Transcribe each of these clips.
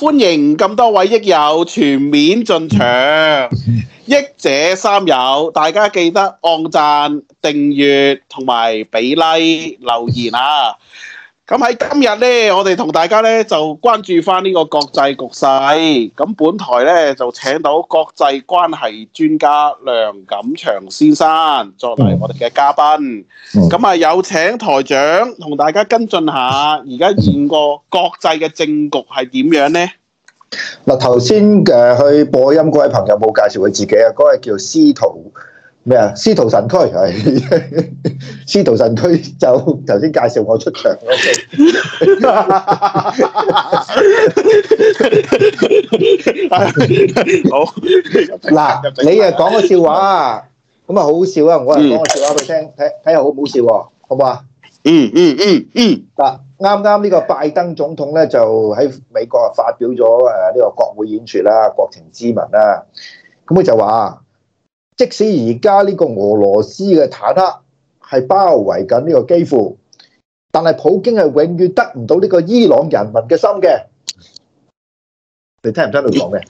歡迎咁多位益友全面進場，益者三友，大家記得按讚、訂閱同埋俾 Like 留言啊！咁喺今日呢，我哋同大家呢就關注翻呢個國際局勢。咁本台呢就請到國際關係專家梁錦祥先生作為我哋嘅嘉賓。咁啊、嗯，嗯、有請台長同大家跟進下，而家整個國際嘅政局係點樣呢？嗱，頭先嘅去播音嗰位朋友冇介紹佢自己啊，嗰位叫司徒。咩啊？司徒神區，係 司徒神區就頭先介紹我出場好。嗱，你啊講個笑話咁啊、嗯、好，好笑啊！我嚟講個笑話俾你聽，睇睇下好唔好笑、啊？好唔好啊、嗯？嗯嗯嗯嗯，嗱，啱啱呢個拜登總統咧就喺美國啊發表咗誒呢個國會演說啦，國情咨文啦，咁佢就話。即使而家呢個俄羅斯嘅坦克係包圍緊呢個基輔，但係普京係永遠得唔到呢個伊朗人民嘅心嘅。你聽唔聽到佢講咩？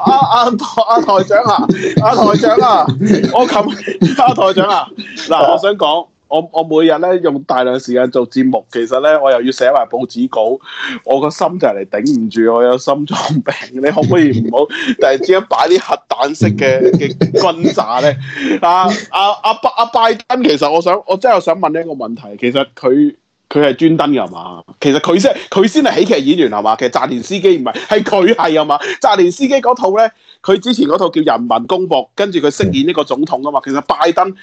阿阿阿台長啊，阿、啊、台長啊， 我琴阿、啊、台長啊，嗱， 我想講。我我每日咧用大量時間做節目，其實咧我又要寫埋報紙稿，我個心就嚟頂唔住，我有心臟病。你可唔可以唔好突然之間擺啲核彈式嘅嘅轟炸咧？啊啊啊！拜啊拜登，其實我想我真係想問呢一個問題，其實佢佢係專登㗎嘛？其實佢先佢先係喜劇演員係嘛？其實澤連斯基唔係，係佢係啊嘛？澤連斯基嗰套咧，佢之前嗰套叫《人民公僕》，跟住佢飾演呢個總統啊嘛。其實拜登。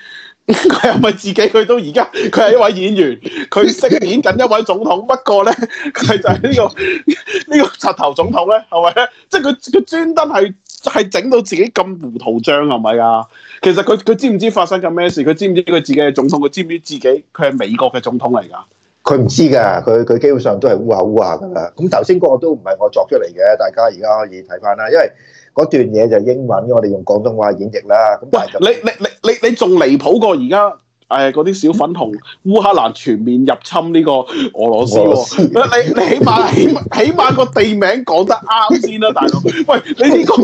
佢係咪自己？佢到而家，佢係一位演員，佢飾演緊一位總統。 不過咧，佢就係呢、這個呢 個柒頭總統咧，係咪咧？即係佢佢專登係係整到自己咁糊塗張，係咪啊？其實佢佢知唔知發生緊咩事？佢知唔知佢自己係總統？佢知唔知自己佢係美國嘅總統嚟噶？佢唔知噶，佢佢基本上都係烏下烏下噶啦。咁頭先嗰個都唔係我作出嚟嘅，大家而家可以睇翻啦。因為嗰段嘢就英文，我哋用廣東話演繹啦。咁，你你你你你仲離譜過而家誒嗰啲小粉紅？烏克蘭全面入侵呢個俄羅斯喎、哦，斯你你起碼起碼起碼個地名講得啱先啦，大佬。喂，你呢、這個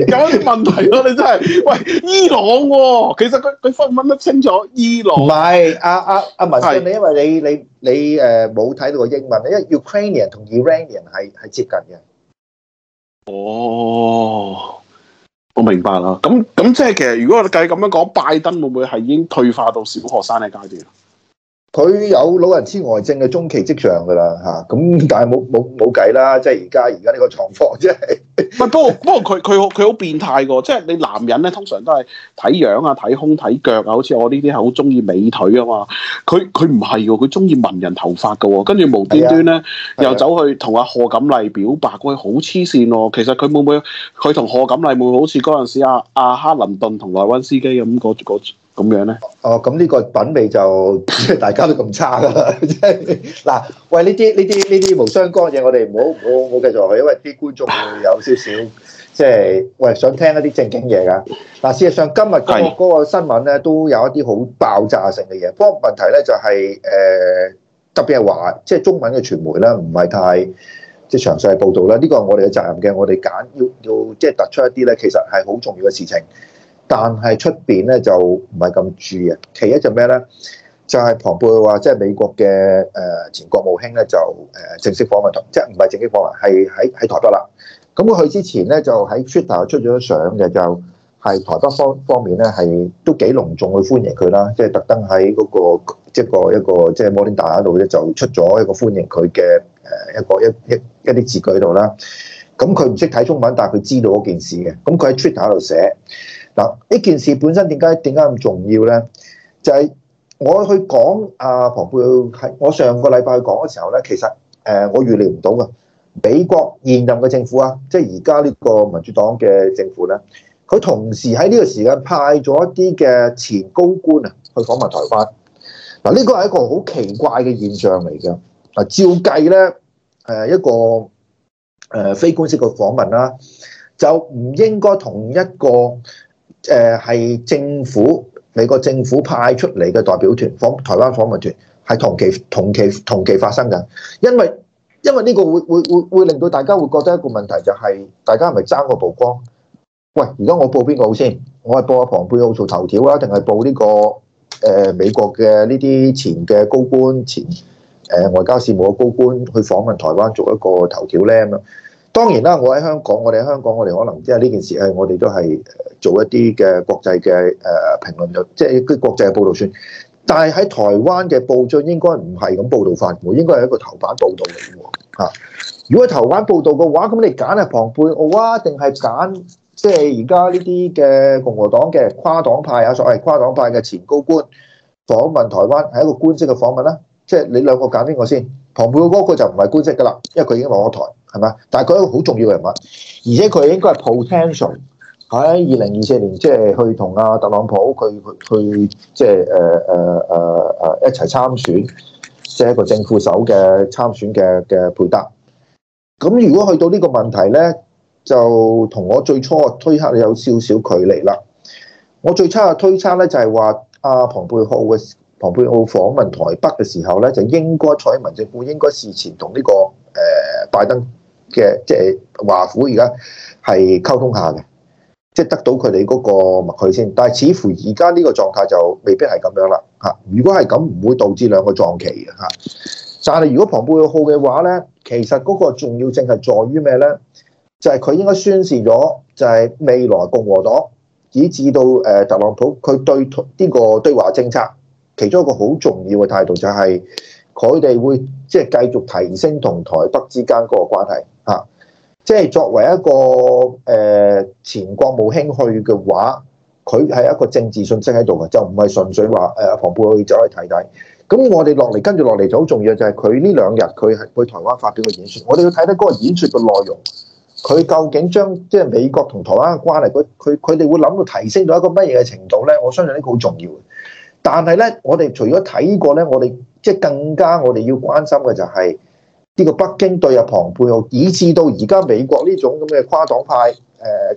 有啲問題咯、啊，你真係。喂，伊朗喎、哦，其實佢佢分乜乜清楚。伊朗唔係阿阿阿文俊，是你因為你你你誒冇睇到個英文，因為 Ukrainian 同 Iranian 係係接近嘅。哦，我明白啦。咁咁即係，其實如果我哋計咁樣講，拜登會唔會係已經退化到小學生嘅階段？佢有老人痴呆症嘅中期迹象㗎啦，嚇、啊！咁但係冇冇冇計啦，即係而家而家呢個狀況即係不。 不過不過佢佢佢好變態㗎，即係你男人咧通常都係睇樣啊、睇胸、睇腳啊，好似我呢啲係好中意美腿啊嘛。佢佢唔係㗎，佢中意聞人頭髮㗎喎。跟住無端端咧、啊啊、又走去同阿賀錦麗表白，佢好黐線喎。其實佢會唔會佢同賀錦麗會好似嗰陣時阿、啊、克林頓同萊溫斯基咁咁樣咧？哦，咁呢個品味就大家都咁差啦！即係嗱，喂，呢啲呢啲呢啲無相干嘅嘢，我哋唔好唔好唔好繼續去，因為啲觀眾會有少少即係喂想聽一啲正經嘢噶。嗱，事實上今日嗰個嗰個新聞咧都有一啲好爆炸性嘅嘢。不過問題咧就係誒，特別係話即係中文嘅傳媒咧，唔係太即係詳細嘅報導啦。呢個係我哋嘅責任嘅，我哋揀要要即係突出一啲咧，其實係好重要嘅事情。但係出邊咧就唔係咁注啊。其一就咩咧？就係龐貝話，即係美國嘅誒前國務卿咧就誒正式訪問同即係唔係正式訪問，係喺喺台北啦。咁佢之前咧就喺 Twitter 出咗相嘅，就係台北方方面咧係都幾隆重去歡迎佢啦。即係特登喺嗰個一個一個即係 Morning Star 喺度咧，就出咗一個歡迎佢嘅誒一個一一一啲字句喺度啦。咁佢唔識睇中文，但係佢知道嗰件事嘅。咁佢喺 Twitter 度寫。呢件事本身點解點解咁重要咧？就係、是、我去講阿龐貝澳喺我上個禮拜去講嘅時候咧，其實誒、呃、我預料唔到嘅美國現任嘅政府啊，即係而家呢個民主黨嘅政府咧，佢同時喺呢個時間派咗一啲嘅前高官啊去訪問台灣。嗱呢個係一個好奇怪嘅現象嚟嘅。啊、呃、照計咧誒一個誒、呃呃、非官式嘅訪問啦、啊，就唔應該同一個。誒係政府美國政府派出嚟嘅代表團訪台灣訪問團，係同期同期同期發生嘅。因為因為呢個會會會令到大家會覺得一個問題就係、是，大家係咪爭個曝光？喂，而家我報邊個好先？我係報阿龐佩奧做頭條啊，定係報呢個誒美國嘅呢啲前嘅高官，前誒外交事務嘅高官去訪問台灣做一個頭條呢？咁啊？當然啦，我喺香港，我哋喺香港，我哋可能即係呢件事係我哋都係做一啲嘅國際嘅誒評論，即係啲國際嘅報導算。但係喺台灣嘅報章應該唔係咁報導法，嘅，應該係一個頭版報導嚟嘅喎。如果頭版報導嘅話，咁你揀係龐貝澳啊，定係揀即係而家呢啲嘅共和黨嘅跨黨派啊，所謂跨黨派嘅前高官訪問台灣，係一個官式嘅訪問啦、啊。即係你兩個揀邊個先？彭佩奧嗰個就唔係官職㗎啦，因為佢已經落咗台，係咪？但係佢係一個好重要嘅人物，而且佢應該係 potential 喺二零二四年，即係去同阿特朗普佢去即係誒誒誒誒一齊參選，即係一個政府首嘅參選嘅嘅配搭。咁如果去到呢個問題咧，就同我最初嘅推測有少少距離啦。我最初嘅推測咧就係話阿彭佩奧會。龐貝澳訪問台北嘅時候咧，就應該蔡英文政府應該事前同呢、這個誒、呃、拜登嘅即係華府而家係溝通下嘅，即、就、係、是、得到佢哋嗰個默契先。但係似乎而家呢個狀態就未必係咁樣啦嚇。如果係咁，唔會導致兩個撞期嘅嚇。但係如果龐貝澳嘅話咧，其實嗰個重要性係在於咩咧？就係、是、佢應該宣示咗，就係未來共和黨以至到誒特朗普佢對呢個對華政策。其中一個好重要嘅態度，就係佢哋會即係繼續提升同台北之間嗰個關係。即係作為一個誒前國務卿去嘅話，佢係一個政治信息喺度嘅，就唔係純粹話誒阿龐貝去走去睇睇。咁我哋落嚟跟住落嚟就好重要，就係佢呢兩日佢係去台灣發表演個演說，我哋要睇得嗰個演說嘅內容，佢究竟將即係美國同台灣嘅關係，佢佢哋會諗到提升到一個乜嘢嘅程度咧？我相信呢個好重要嘅但係咧，我哋除咗睇過咧，我哋即係更加我哋要關心嘅就係呢個北京對阿龐佩奧，以至到而家美國呢種咁嘅跨黨派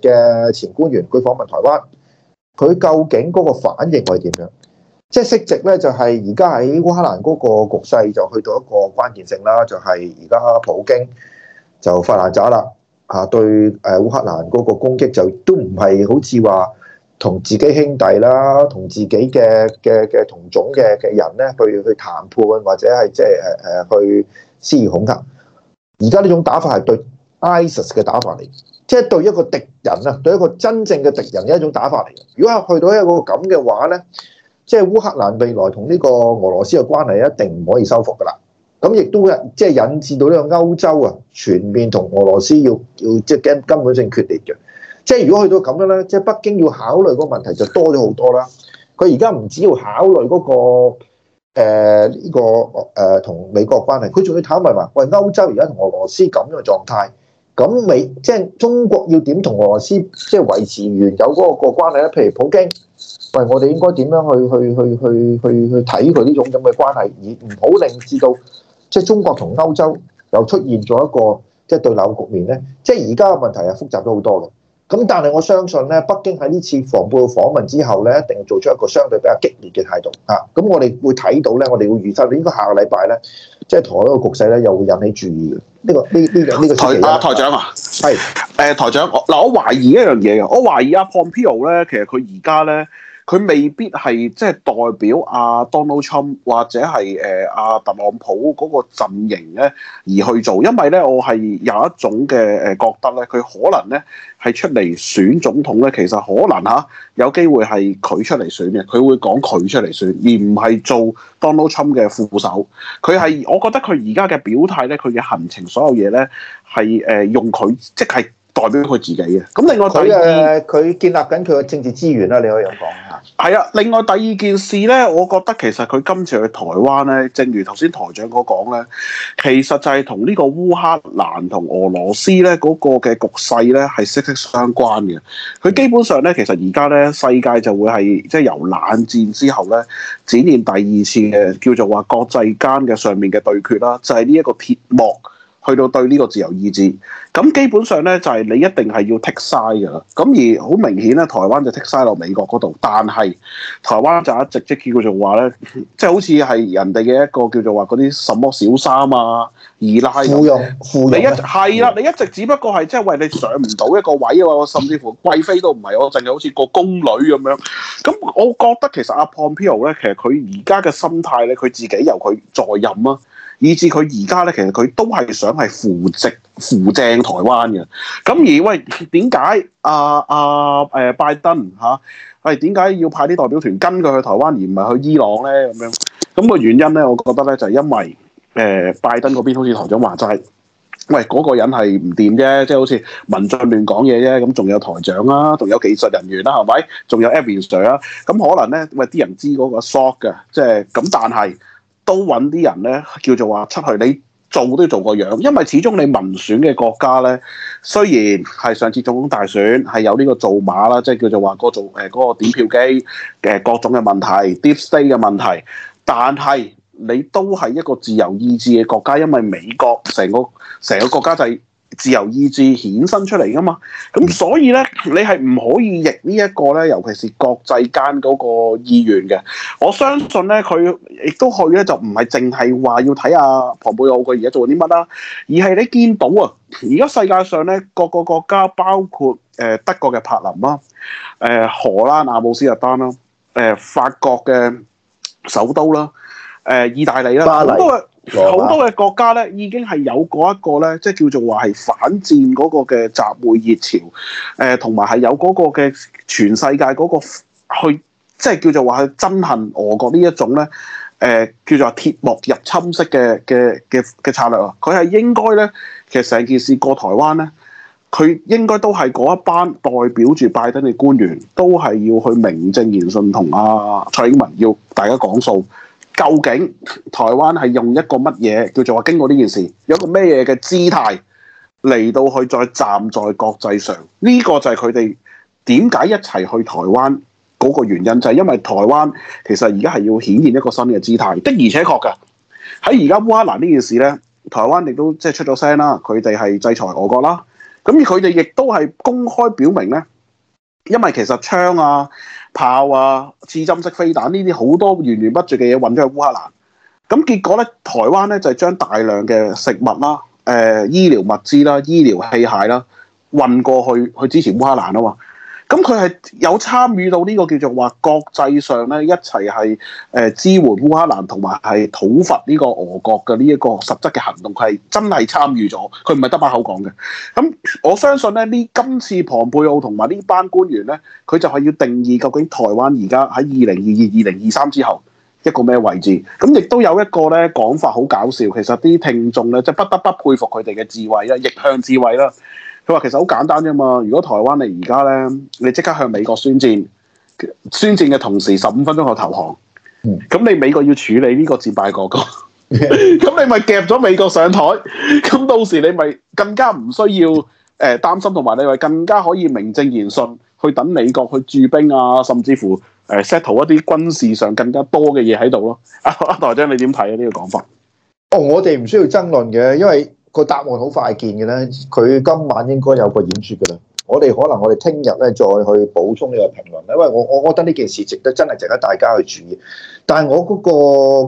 誒嘅前官員佢訪問台灣，佢究竟嗰個反應係點樣？即係適值咧，就係而家喺烏克蘭嗰個局勢就去到一個關鍵性啦，就係而家普京就發爛渣啦嚇，對誒烏克蘭嗰個攻擊就都唔係好似話。同自己兄弟啦，同自己嘅嘅嘅同種嘅嘅人咧，去去談判或者係即係誒誒去施意恐嚇。而家呢種打法係對 ISIS 嘅打法嚟，即係對一個敵人啊，對一個真正嘅敵人嘅一種打法嚟。如果係去到一個咁嘅話咧，即係烏克蘭未來同呢個俄羅斯嘅關係一定唔可以收復噶啦。咁亦都會即係引致到呢個歐洲啊，全面同俄羅斯要要即係根本性決裂嘅。即係如果去到咁樣咧，即係北京要考慮嗰個問題就多咗好多啦。佢而家唔止要考慮嗰、嗰個呢、呃呢個誒同、呃、美國關係，佢仲要坦白話：喂，歐洲而家同俄羅斯咁樣嘅狀態，咁美即係中國要點同俄羅斯即係維持原有嗰、嗰個嗰個關係咧？譬如普京，喂，我哋應該點樣去去去去去去睇佢呢種咁嘅關係，而唔好令至到即係中國同歐洲又出現咗一個即係對立局面咧？即係而家嘅問題係複雜咗好多嘅。咁但係我相信咧，北京喺呢次龐貝奧訪問之後咧，一定要做出一個相對比較激烈嘅態度啊！咁我哋會睇到咧，我哋會預測，應該下個禮拜咧，即係台嗰個局勢咧，又會引起注意嘅。呢、這個呢呢兩呢個台、這個、啊，啊台長啊，係誒是、呃、台長，嗱我，我懷疑一樣嘢嘅，我懷疑阿 Pompeo 咧，其實佢而家咧。佢未必係即係代表阿 Donald Trump 或者係誒阿特朗普嗰個陣營咧而去做，因為咧我係有一種嘅誒覺得咧，佢可能咧係出嚟選總統咧，其實可能嚇有機會係佢出嚟選嘅，佢會講佢出嚟選，而唔係做 Donald Trump 嘅副手。佢係我覺得佢而家嘅表態咧，佢嘅行程所有嘢咧係誒用佢即係。代表佢自己嘅，咁另外佢誒佢建立緊佢嘅政治資源啦，你可以咁講吓，係啊，另外第二件事咧，我覺得其實佢今次去台灣咧，正如頭先台長所講咧，其實就係同呢個烏克蘭同俄羅斯咧嗰個嘅局勢咧係息息相關嘅。佢基本上咧，其實而家咧世界就會係即係由冷戰之後咧展現第二次嘅叫做話國際間嘅上面嘅對決啦，就係呢一個鐵幕。去到對呢個自由意志，咁基本上咧就係、是、你一定係要剔晒嘅啦。咁而好明顯咧，台灣就剔晒落美國嗰度，但係台灣就一直即係叫做話咧，即係 好似係人哋嘅一個叫做話嗰啲什麼小三啊、二奶咁。有有你一係啦，你一直只不過係即係餵你上唔到一個位啊，甚至乎貴妃都唔係，我淨係好似個宮女咁樣。咁我覺得其實阿 Pompeo 咧，其實佢而家嘅心態咧，佢自己由佢在任啊。以至佢而家咧，其實佢都係想係扶植扶正台灣嘅。咁而喂點解啊？阿、啊、誒、啊、拜登吓？喂點解要派啲代表團跟佢去台灣而唔係去伊朗咧？咁樣咁、那個原因咧，我覺得咧就係、是、因為誒、欸、拜登嗰邊好似台長話齋，喂嗰、那個人係唔掂啫，即、就、係、是、好似民進亂講嘢啫。咁仲有台長啦、啊，仲有技術人員啦、啊，係咪？仲有 Evan sir 啦。咁可能咧，喂啲人知嗰個 Shock 嘅，即係咁，但係。都揾啲人呢叫做話出去，你做都做個樣，因為始終你民選嘅國家呢，雖然係上次總統大選係有呢個造馬啦，即係叫做話個做誒嗰個點票機嘅各種嘅問題，deep stay 嘅問題，但係你都係一個自由意志嘅國家，因為美國成個成個國家就係、是。自由意志衍生出嚟噶嘛？咁所以咧，你係唔可以逆呢一個咧，尤其是國際間嗰個意願嘅。我相信咧，佢亦都去咧，就唔係淨係話要睇下龐貝奧佢而家做啲乜啦，而係你見到啊，而家世界上咧，各個國家包括誒、呃、德國嘅柏林啦、誒、呃、荷蘭阿姆斯特丹啦、誒、呃、法國嘅首都啦、誒、呃、意大利啦，巴黎。好多嘅國家咧，已經係有嗰一個咧，即係叫做話係反戰嗰個嘅集會熱潮，誒、呃，同埋係有嗰個嘅全世界嗰個去，即係叫做話去憎恨俄國呢一種咧，誒、呃，叫做鐵幕入侵式嘅嘅嘅嘅策略啊！佢係應該咧，其實成件事過台灣咧，佢應該都係嗰一班代表住拜登嘅官員，都係要去名正言順同阿、啊、蔡英文要大家講數。究竟台灣係用一個乜嘢叫做話經過呢件事，有個咩嘢嘅姿態嚟到去再站在國際上？呢、這個就係佢哋點解一齊去台灣嗰個原因，就係、是、因為台灣其實而家係要顯現一個新嘅姿態，的而且確㗎。喺而家烏克蘭呢件事呢，台灣亦都即係出咗聲啦，佢哋係制裁俄國啦。咁佢哋亦都係公開表明呢，因為其實槍啊。炮啊、刺針式飛彈呢啲好多源源不絕嘅嘢運咗去烏克蘭，咁結果咧，台灣咧就係、是、將大量嘅食物啦、啊、誒、呃、醫療物資啦、啊、醫療器械啦、啊、運過去去支持烏克蘭啊嘛。咁佢係有參與到呢個叫做話國際上咧一齊，係、呃、誒支援烏克蘭同埋係討伐呢個俄國嘅呢一個實質嘅行動，佢係真係參與咗，佢唔係得把口講嘅。咁我相信咧呢今次龐貝奧同埋呢班官員咧，佢就係要定義究竟台灣而家喺二零二二、二零二三之後一個咩位置。咁亦都有一個咧講法好搞笑，其實啲聽眾咧即係不得不佩服佢哋嘅智慧啦，逆向智慧啦。佢話其實好簡單啫嘛！如果台灣你而家咧，你即刻向美國宣戰，宣戰嘅同時十五分鐘後投降，咁、嗯、你美國要處理呢個戰敗國家，咁 你咪夾咗美國上台，咁到時你咪更加唔需要誒、呃、擔心，同埋你咪更加可以名正言順去等美國去駐兵啊，甚至乎誒 settle、呃、一啲軍事上更加多嘅嘢喺度咯。阿、啊、台長你點睇啊？呢、這個講法？哦，我哋唔需要爭論嘅，因為，個答案好快見嘅咧，佢今晚應該有個演出嘅啦。我哋可能我哋聽日咧再去補充呢個評論，因為我我覺得呢件事值得真係值得大家去注意。但係我嗰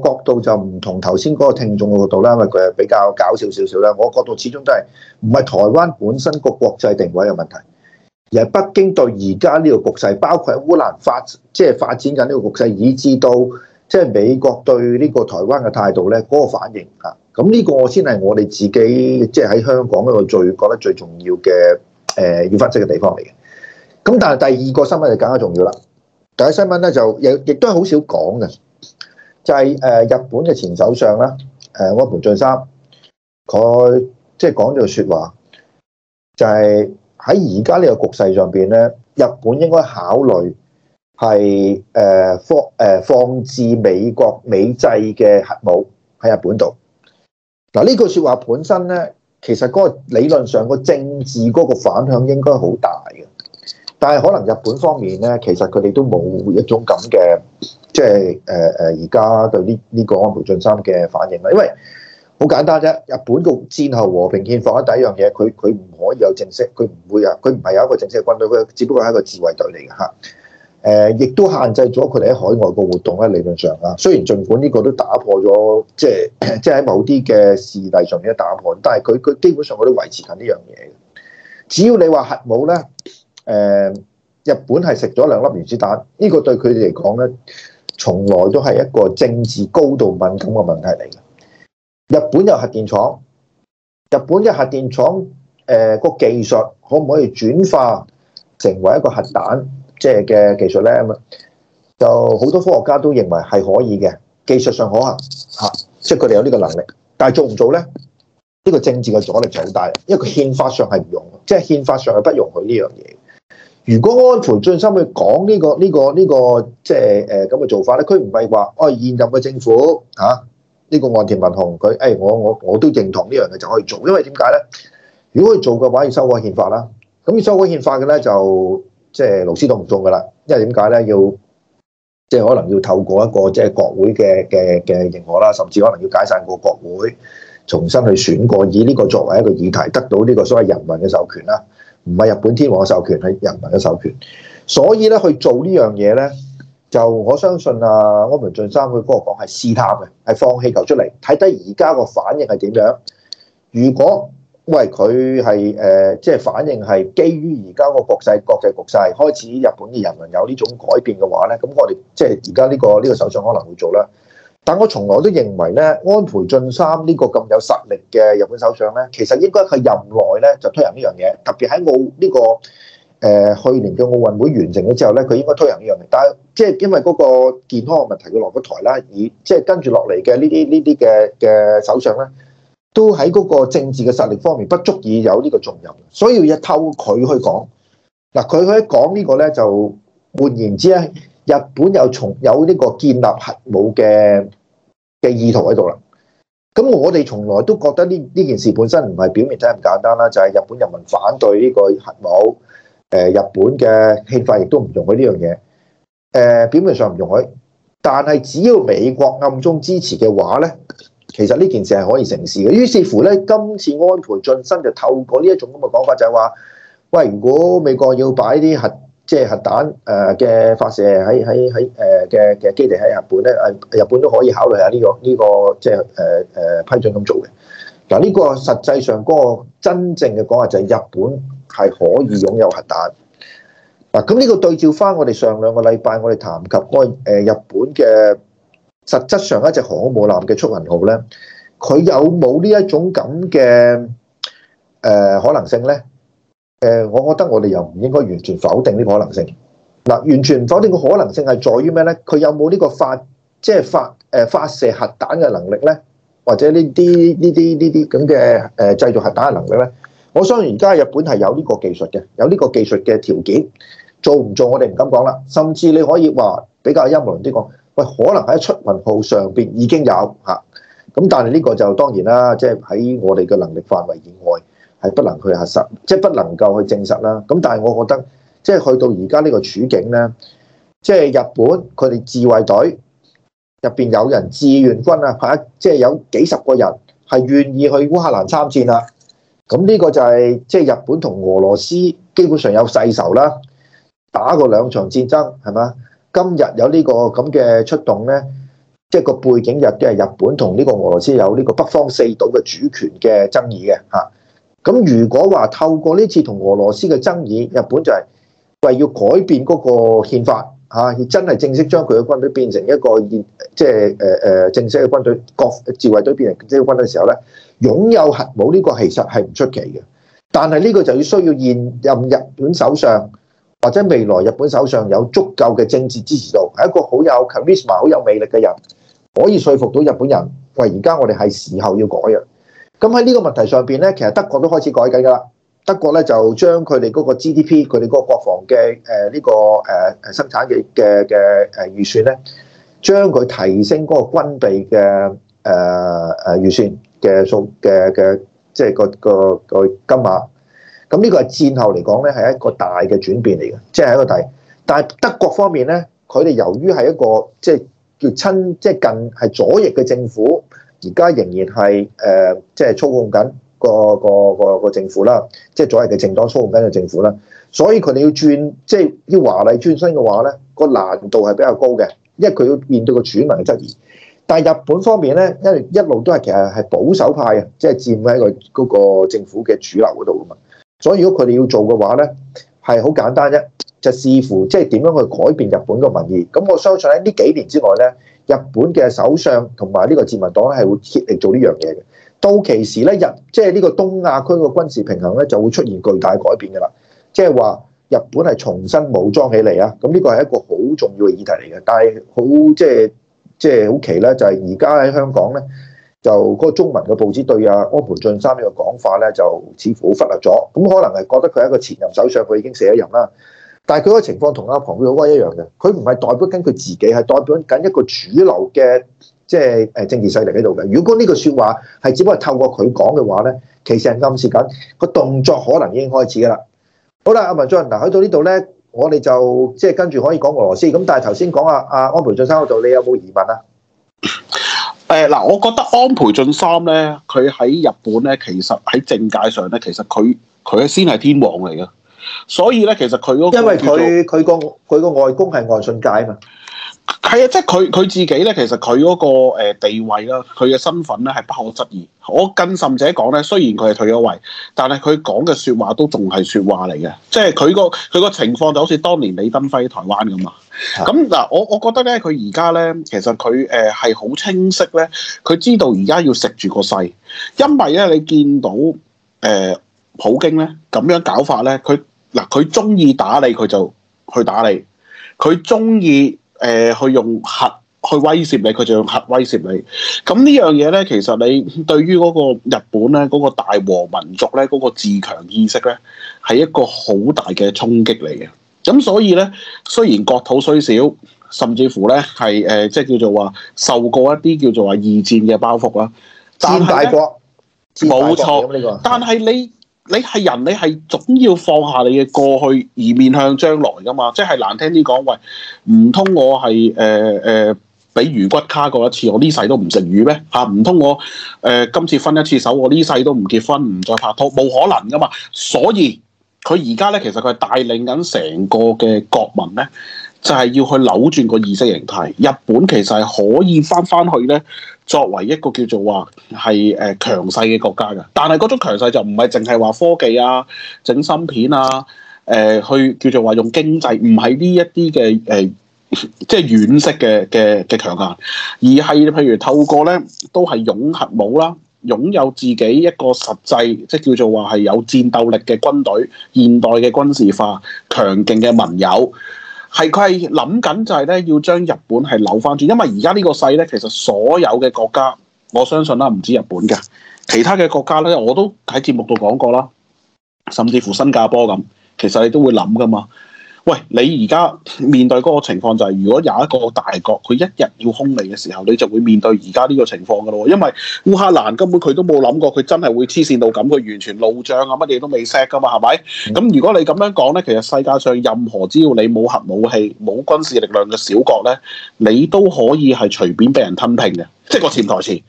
個角度就唔同頭先嗰個聽眾嘅角度啦，因為佢係比較搞笑少少啦。我角度始終都係唔係台灣本身個國際定位嘅問題，而係北京對而家呢個局勢，包括烏蘭發即係、就是、發展緊呢個局勢，以至到即係美國對呢個台灣嘅態度咧嗰、那個反應啊。咁呢個先係我哋自己，即係喺香港嗰個最覺得最重要嘅誒、呃、要分析嘅地方嚟嘅。咁但係第二個新聞就更加重要啦。第一新聞咧就亦亦都係好少講嘅，就係誒、就是、日本嘅前首相啦，誒安倍晉三，佢即係講咗個説話，就係喺而家呢個局勢上邊咧，日本應該考慮係誒放誒放置美國美製嘅核武喺日本度。嗱呢句説話本身咧，其實嗰個理論上個政治嗰個反響應該好大嘅，但係可能日本方面咧，其實佢哋都冇一種咁嘅，即係誒誒，呃、而家對呢呢個安倍晉三嘅反應啦，因為好簡單啫，日本嘅戰後和平憲法第一樣嘢，佢佢唔可以有正式，佢唔會啊，佢唔係有一個正式嘅軍隊，佢只不過係一個自衛隊嚟嘅嚇。誒，亦都限制咗佢哋喺海外嘅活動咧。理論上啊，雖然儘管呢個都打破咗，即係即係喺某啲嘅事例上面嘅打破，但係佢佢基本上我都維持緊呢樣嘢嘅。只要你話核武咧，誒、呃，日本係食咗兩粒原子彈，呢、呢個對佢哋嚟講咧，從來都係一個政治高度敏感嘅問題嚟嘅。日本有核電廠，日本嘅核電廠，誒，個技術可唔可以轉化成為一個核彈？即係嘅技術咧，咁就好多科學家都認為係可以嘅，技術上可行嚇，即係佢哋有呢個能力。但係做唔做咧？呢、這個政治嘅阻力就好大，因為佢憲法上係唔容，即係憲法上係不容許呢樣嘢。如果安倍晉三去講呢、這個呢、這個呢、這個即係誒咁嘅做法咧，佢唔係話，哦、哎、現任嘅政府嚇，呢、啊這個岸田文雄佢誒、哎、我我我都認同呢樣嘢就可以做，因為點解咧？如果佢做嘅話要修改憲法啦，咁要修改憲法嘅咧就。即係老師都唔做噶啦，因為點解咧？要即係可能要透過一個即係國會嘅嘅嘅認可啦，甚至可能要解散個國會，重新去選個，以呢個作為一個議題，得到呢個所謂人民嘅授權啦，唔係日本天皇嘅授權，係人民嘅授權。所以咧去做呢樣嘢咧，就我相信啊，安倍晉三佢嗰個講係試探嘅，係放氣球出嚟睇睇而家個反應係點樣。如果因喂，佢係誒，即係反應係基於而家個國際、國際局勢開始，日本嘅人民有呢種改變嘅話咧，咁我哋即係而家呢個呢、呢個首相可能會做啦。但我從來都認為咧，安倍晉三呢個咁有實力嘅日本首相咧，其實應該係任內咧就推行呢樣嘢，特別喺奧呢個誒、呃、去年嘅奧運會完成咗之後咧，佢應該推行呢樣嘢。但係即係因為嗰個健康嘅問題，佢落咗台啦，而即係跟住落嚟嘅呢啲呢啲嘅嘅首相咧。都喺嗰個政治嘅實力方面不足以有呢個重任，所以要一偷佢去講嗱，佢喺講個呢個咧就換言之咧，日本有從有呢個建立核武嘅嘅意圖喺度啦。咁我哋從來都覺得呢呢件事本身唔係表面睇咁簡單啦，就係、是、日本人民反對呢個核武，誒、呃、日本嘅憲法亦都唔容許呢樣嘢，誒、呃、表面上唔容許，但係只要美國暗中支持嘅話咧。其實呢件事係可以成事嘅，於是乎咧，今次安倍晉三就透過呢一種咁嘅講法，就係話：喂，如果美國要擺啲核，即係核彈誒嘅發射喺喺喺誒嘅嘅基地喺日本咧，誒日本都可以考慮下呢個呢個即係誒誒批准咁做嘅。嗱，呢個實際上嗰個真正嘅講法就係日本係可以擁有核彈。嗱，咁呢個對照翻我哋上兩個禮拜我哋談及嗰個日本嘅。實質上一隻航母艦嘅出雲號咧，佢有冇呢一種咁嘅誒可能性咧？誒、呃，我覺得我哋又唔應該完全否定呢個可能性。嗱、呃，完全否定個可能性係在於咩咧？佢有冇呢個發即係發誒、呃、發射核彈嘅能力咧？或者呢啲呢啲呢啲咁嘅誒製造核彈嘅能力咧？我相信而家日本係有呢個技術嘅，有呢個技術嘅條件。做唔做我哋唔敢講啦。甚至你可以話比較陰謀啲講。喂，可能喺出雲號上邊已經有嚇，咁但係呢個就當然啦，即係喺我哋嘅能力範圍以外，係不能去核實，即係不能夠去證實啦。咁但係我覺得，即係去到而家呢個處境咧，即係日本佢哋自衛隊入邊有人志願軍啊，嚇，即係有幾十個人係願意去烏克蘭參戰啦。咁呢個就係即係日本同俄羅斯基本上有世仇啦，打過兩場戰爭，係嘛？今日有呢個咁嘅出動呢，即係、就是、個背景又都係日本同呢個俄羅斯有呢個北方四島嘅主權嘅爭議嘅嚇。咁、啊、如果話透過呢次同俄羅斯嘅爭議，日本就係為要改變嗰個憲法嚇，要、啊、真係正，正式將佢嘅軍隊變成一個現即係誒誒正式嘅軍隊，各自衛隊變成即係軍嘅時候呢，擁有核武呢個其實係唔出奇嘅。但係呢個就要需要現任日本首相。或者未來日本首相有足夠嘅政治支持度，係一個好有 charisma、好有魅力嘅人，可以説服到日本人。喂，而家我哋係時候要改啦。咁喺呢個問題上邊咧，其實德國都開始改緊噶啦。德國咧就將佢哋嗰個 GDP、佢哋嗰個國防嘅誒呢個誒誒生產嘅嘅嘅誒預算咧，將佢提升嗰個軍備嘅誒誒預算嘅數嘅嘅，即係個個個金額。咁呢個係戰後嚟講咧，係一個大嘅轉變嚟嘅，即係一個大。但係德國方面咧，佢哋由於係一個即係叫親即係近係左翼嘅政府，而家仍然係誒即係操控緊個個個個政府啦，即係左翼嘅政黨操控緊嘅政府啦，所以佢哋要轉即係要華麗轉身嘅話咧，個難度係比較高嘅，因為佢要面對個全民質疑。但係日本方面咧，因為一路都係其實係保守派嘅，即係佔喺個嗰個政府嘅主流嗰度啊嘛。所以如果佢哋要做嘅話，咧，係好簡單啫，就視乎即係點樣去改變日本嘅民意。咁我相信喺呢幾年之內咧，日本嘅首相同埋呢個自民黨咧係會竭力做呢樣嘢嘅。到期時咧，日即係呢個東亞區嘅軍事平衡咧就會出現巨大改變噶啦。即係話日本係重新武裝起嚟啊！咁呢個係一個好重要嘅議題嚟嘅，但係好即係即係好奇咧，就係而家喺香港咧。就嗰個中文嘅報紙對阿、啊、安倍晉三呢個講法咧，就似乎好忽略咗。咁可能係覺得佢係一個前任首相，佢已經卸任啦。但係佢嗰個情況同阿龐貝澳一樣嘅，佢唔係代表緊佢自己，係代表緊一個主流嘅即係誒政治勢力喺度嘅。如果呢句説話係只不過透過佢講嘅話咧，其實係暗示緊個動作可能已經開始㗎啦。好啦，阿文進，嗱，去到呢度咧，我哋就即係、就是、跟住可以講俄羅斯。咁但係頭先講阿阿安倍晉三嗰度，你有冇疑問啊？誒嗱、呃，我覺得安倍晉三咧，佢喺日本咧，其實喺政界上咧，其實佢佢先係天王嚟嘅，所以咧，其實佢、嗰個因為佢佢做個佢個外公係岸信介啊嘛，係啊，即係佢佢自己咧，其實佢嗰個地位啦，佢嘅身份咧係不可質疑。我更甚者講咧，雖然佢係退咗位，但係佢講嘅説話都仲係説話嚟嘅，即係佢個佢個情況就好似當年李登輝喺台灣咁啊。咁嗱，我我覺得咧，佢而家咧，其實佢誒係好清晰咧，佢知道而家要食住個勢，因為咧你見到誒、呃、普京咧咁樣搞法咧，佢嗱佢中意打你，佢就去打你；佢中意誒去用核去威脅你，佢就用核威脅你。咁呢樣嘢咧，其實你對於嗰個日本咧嗰個大和民族咧嗰個自強意識咧，係一個好大嘅衝擊嚟嘅。咁所以咧，雖然國土雖小，甚至乎咧係誒，即係叫做話受過一啲叫做話二戰嘅包袱啦。戰敗國，冇錯。呢個、但係你你係人，你係總要放下你嘅過去而面向將來噶嘛？即、就、係、是、難聽啲講，喂，唔通我係誒誒俾魚骨卡過一次，我呢世都唔食魚咩？嚇、啊，唔通我誒、呃、今次分一次手，我呢世都唔結婚，唔再拍拖，冇可能噶嘛？所以。佢而家咧，其實佢係帶領緊成個嘅國民咧，就係要去扭轉個意識形態。日本其實係可以翻翻去咧，作為一個叫做話係誒強勢嘅國家嘅，但係嗰種強勢就唔係淨係話科技啊、整芯片啊、誒、呃、去叫做話用經濟，唔係呢一啲嘅誒，即係軟式嘅嘅嘅強硬，而係譬如透過咧都係擁核武啦。擁有自己一個實際，即係叫做話係有戰鬥力嘅軍隊，現代嘅軍事化，強勁嘅盟友，係佢係諗緊就係咧，要將日本係扭翻轉。因為而家呢個世咧，其實所有嘅國家，我相信啦，唔止日本嘅，其他嘅國家咧，我都喺節目度講過啦，甚至乎新加坡咁，其實你都會諗㗎嘛。喂，你而家面對嗰個情況就係，如果有一個大國佢一日要空你嘅時候，你就會面對而家呢個情況噶咯。因為烏克蘭根本佢都冇諗過佢真係會黐線到咁，佢完全露脹啊，乜嘢都未 set 噶嘛，係咪？咁如果你咁樣講呢，其實世界上任何只要你冇核武器、冇軍事力量嘅小國呢，你都可以係隨便被人吞併嘅，即係個潛台詞。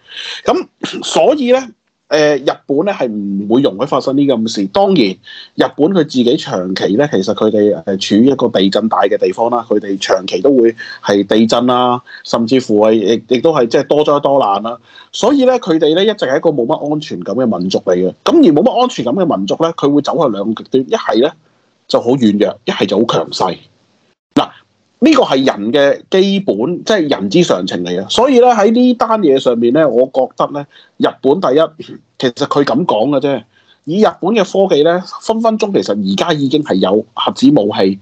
咁所以呢。誒日本咧係唔會容許發生呢咁事。當然，日本佢自己長期咧，其實佢哋係處於一個地震帶嘅地方啦。佢哋長期都會係地震啦，甚至乎係亦亦都係即係多災多難啦。所以咧，佢哋咧一直係一個冇乜安全感嘅民族嚟嘅。咁而冇乜安全感嘅民族咧，佢會走向兩極端：一係咧就好軟弱，一係就好強勢。呢個係人嘅基本，即係人之常情嚟嘅。所以咧喺呢單嘢上面咧，我覺得咧日本第一，其實佢咁講嘅啫。以日本嘅科技咧，分分鐘其實而家已經係有核子武器，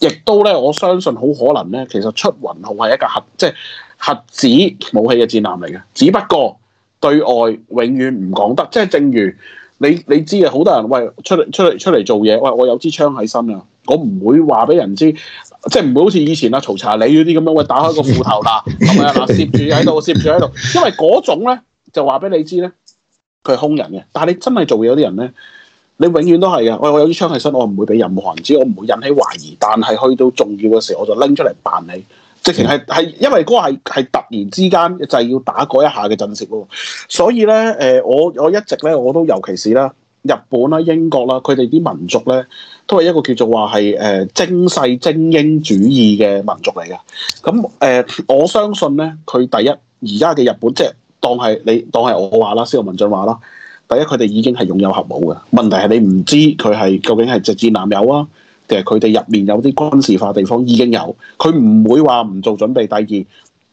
亦都咧我相信好可能咧，其實出雲號係一個核，即係核子武器嘅戰艦嚟嘅。只不過對外永遠唔講得，即係正如你你知嘅，好多人喂出嚟出嚟出嚟做嘢，喂，喂，我有支槍喺身啊，我唔會話俾人知。即係唔會好似以前阿曹查理嗰啲咁樣，會打開個褲頭啦，係啊？ 嗱，攝住喺度，攝住喺度，因為嗰種咧就話俾你知咧，佢係兇人嘅。但係你真係做嘢啲人咧，你永遠都係嘅。我我有啲槍喺身，我唔會俾任何人知，我唔會引起懷疑。但係去到重要嘅時候，我就拎出嚟辦理。直情係係，因為嗰個係突然之間就係要打嗰一下嘅震懾咯。所以咧，誒、呃、我我一直咧我都尤其是啦。日本啦、啊、英國啦、啊，佢哋啲民族咧都係一個叫做話係誒精細精英主義嘅民族嚟噶。咁、嗯、誒、呃，我相信咧，佢第一而家嘅日本即係當係你當係我話啦，司徒文進話啦。第一，佢哋已經係擁有核武嘅。問題係你唔知佢係究竟係直接男友啊，定係佢哋入面有啲軍事化地方已經有。佢唔會話唔做準備。第二，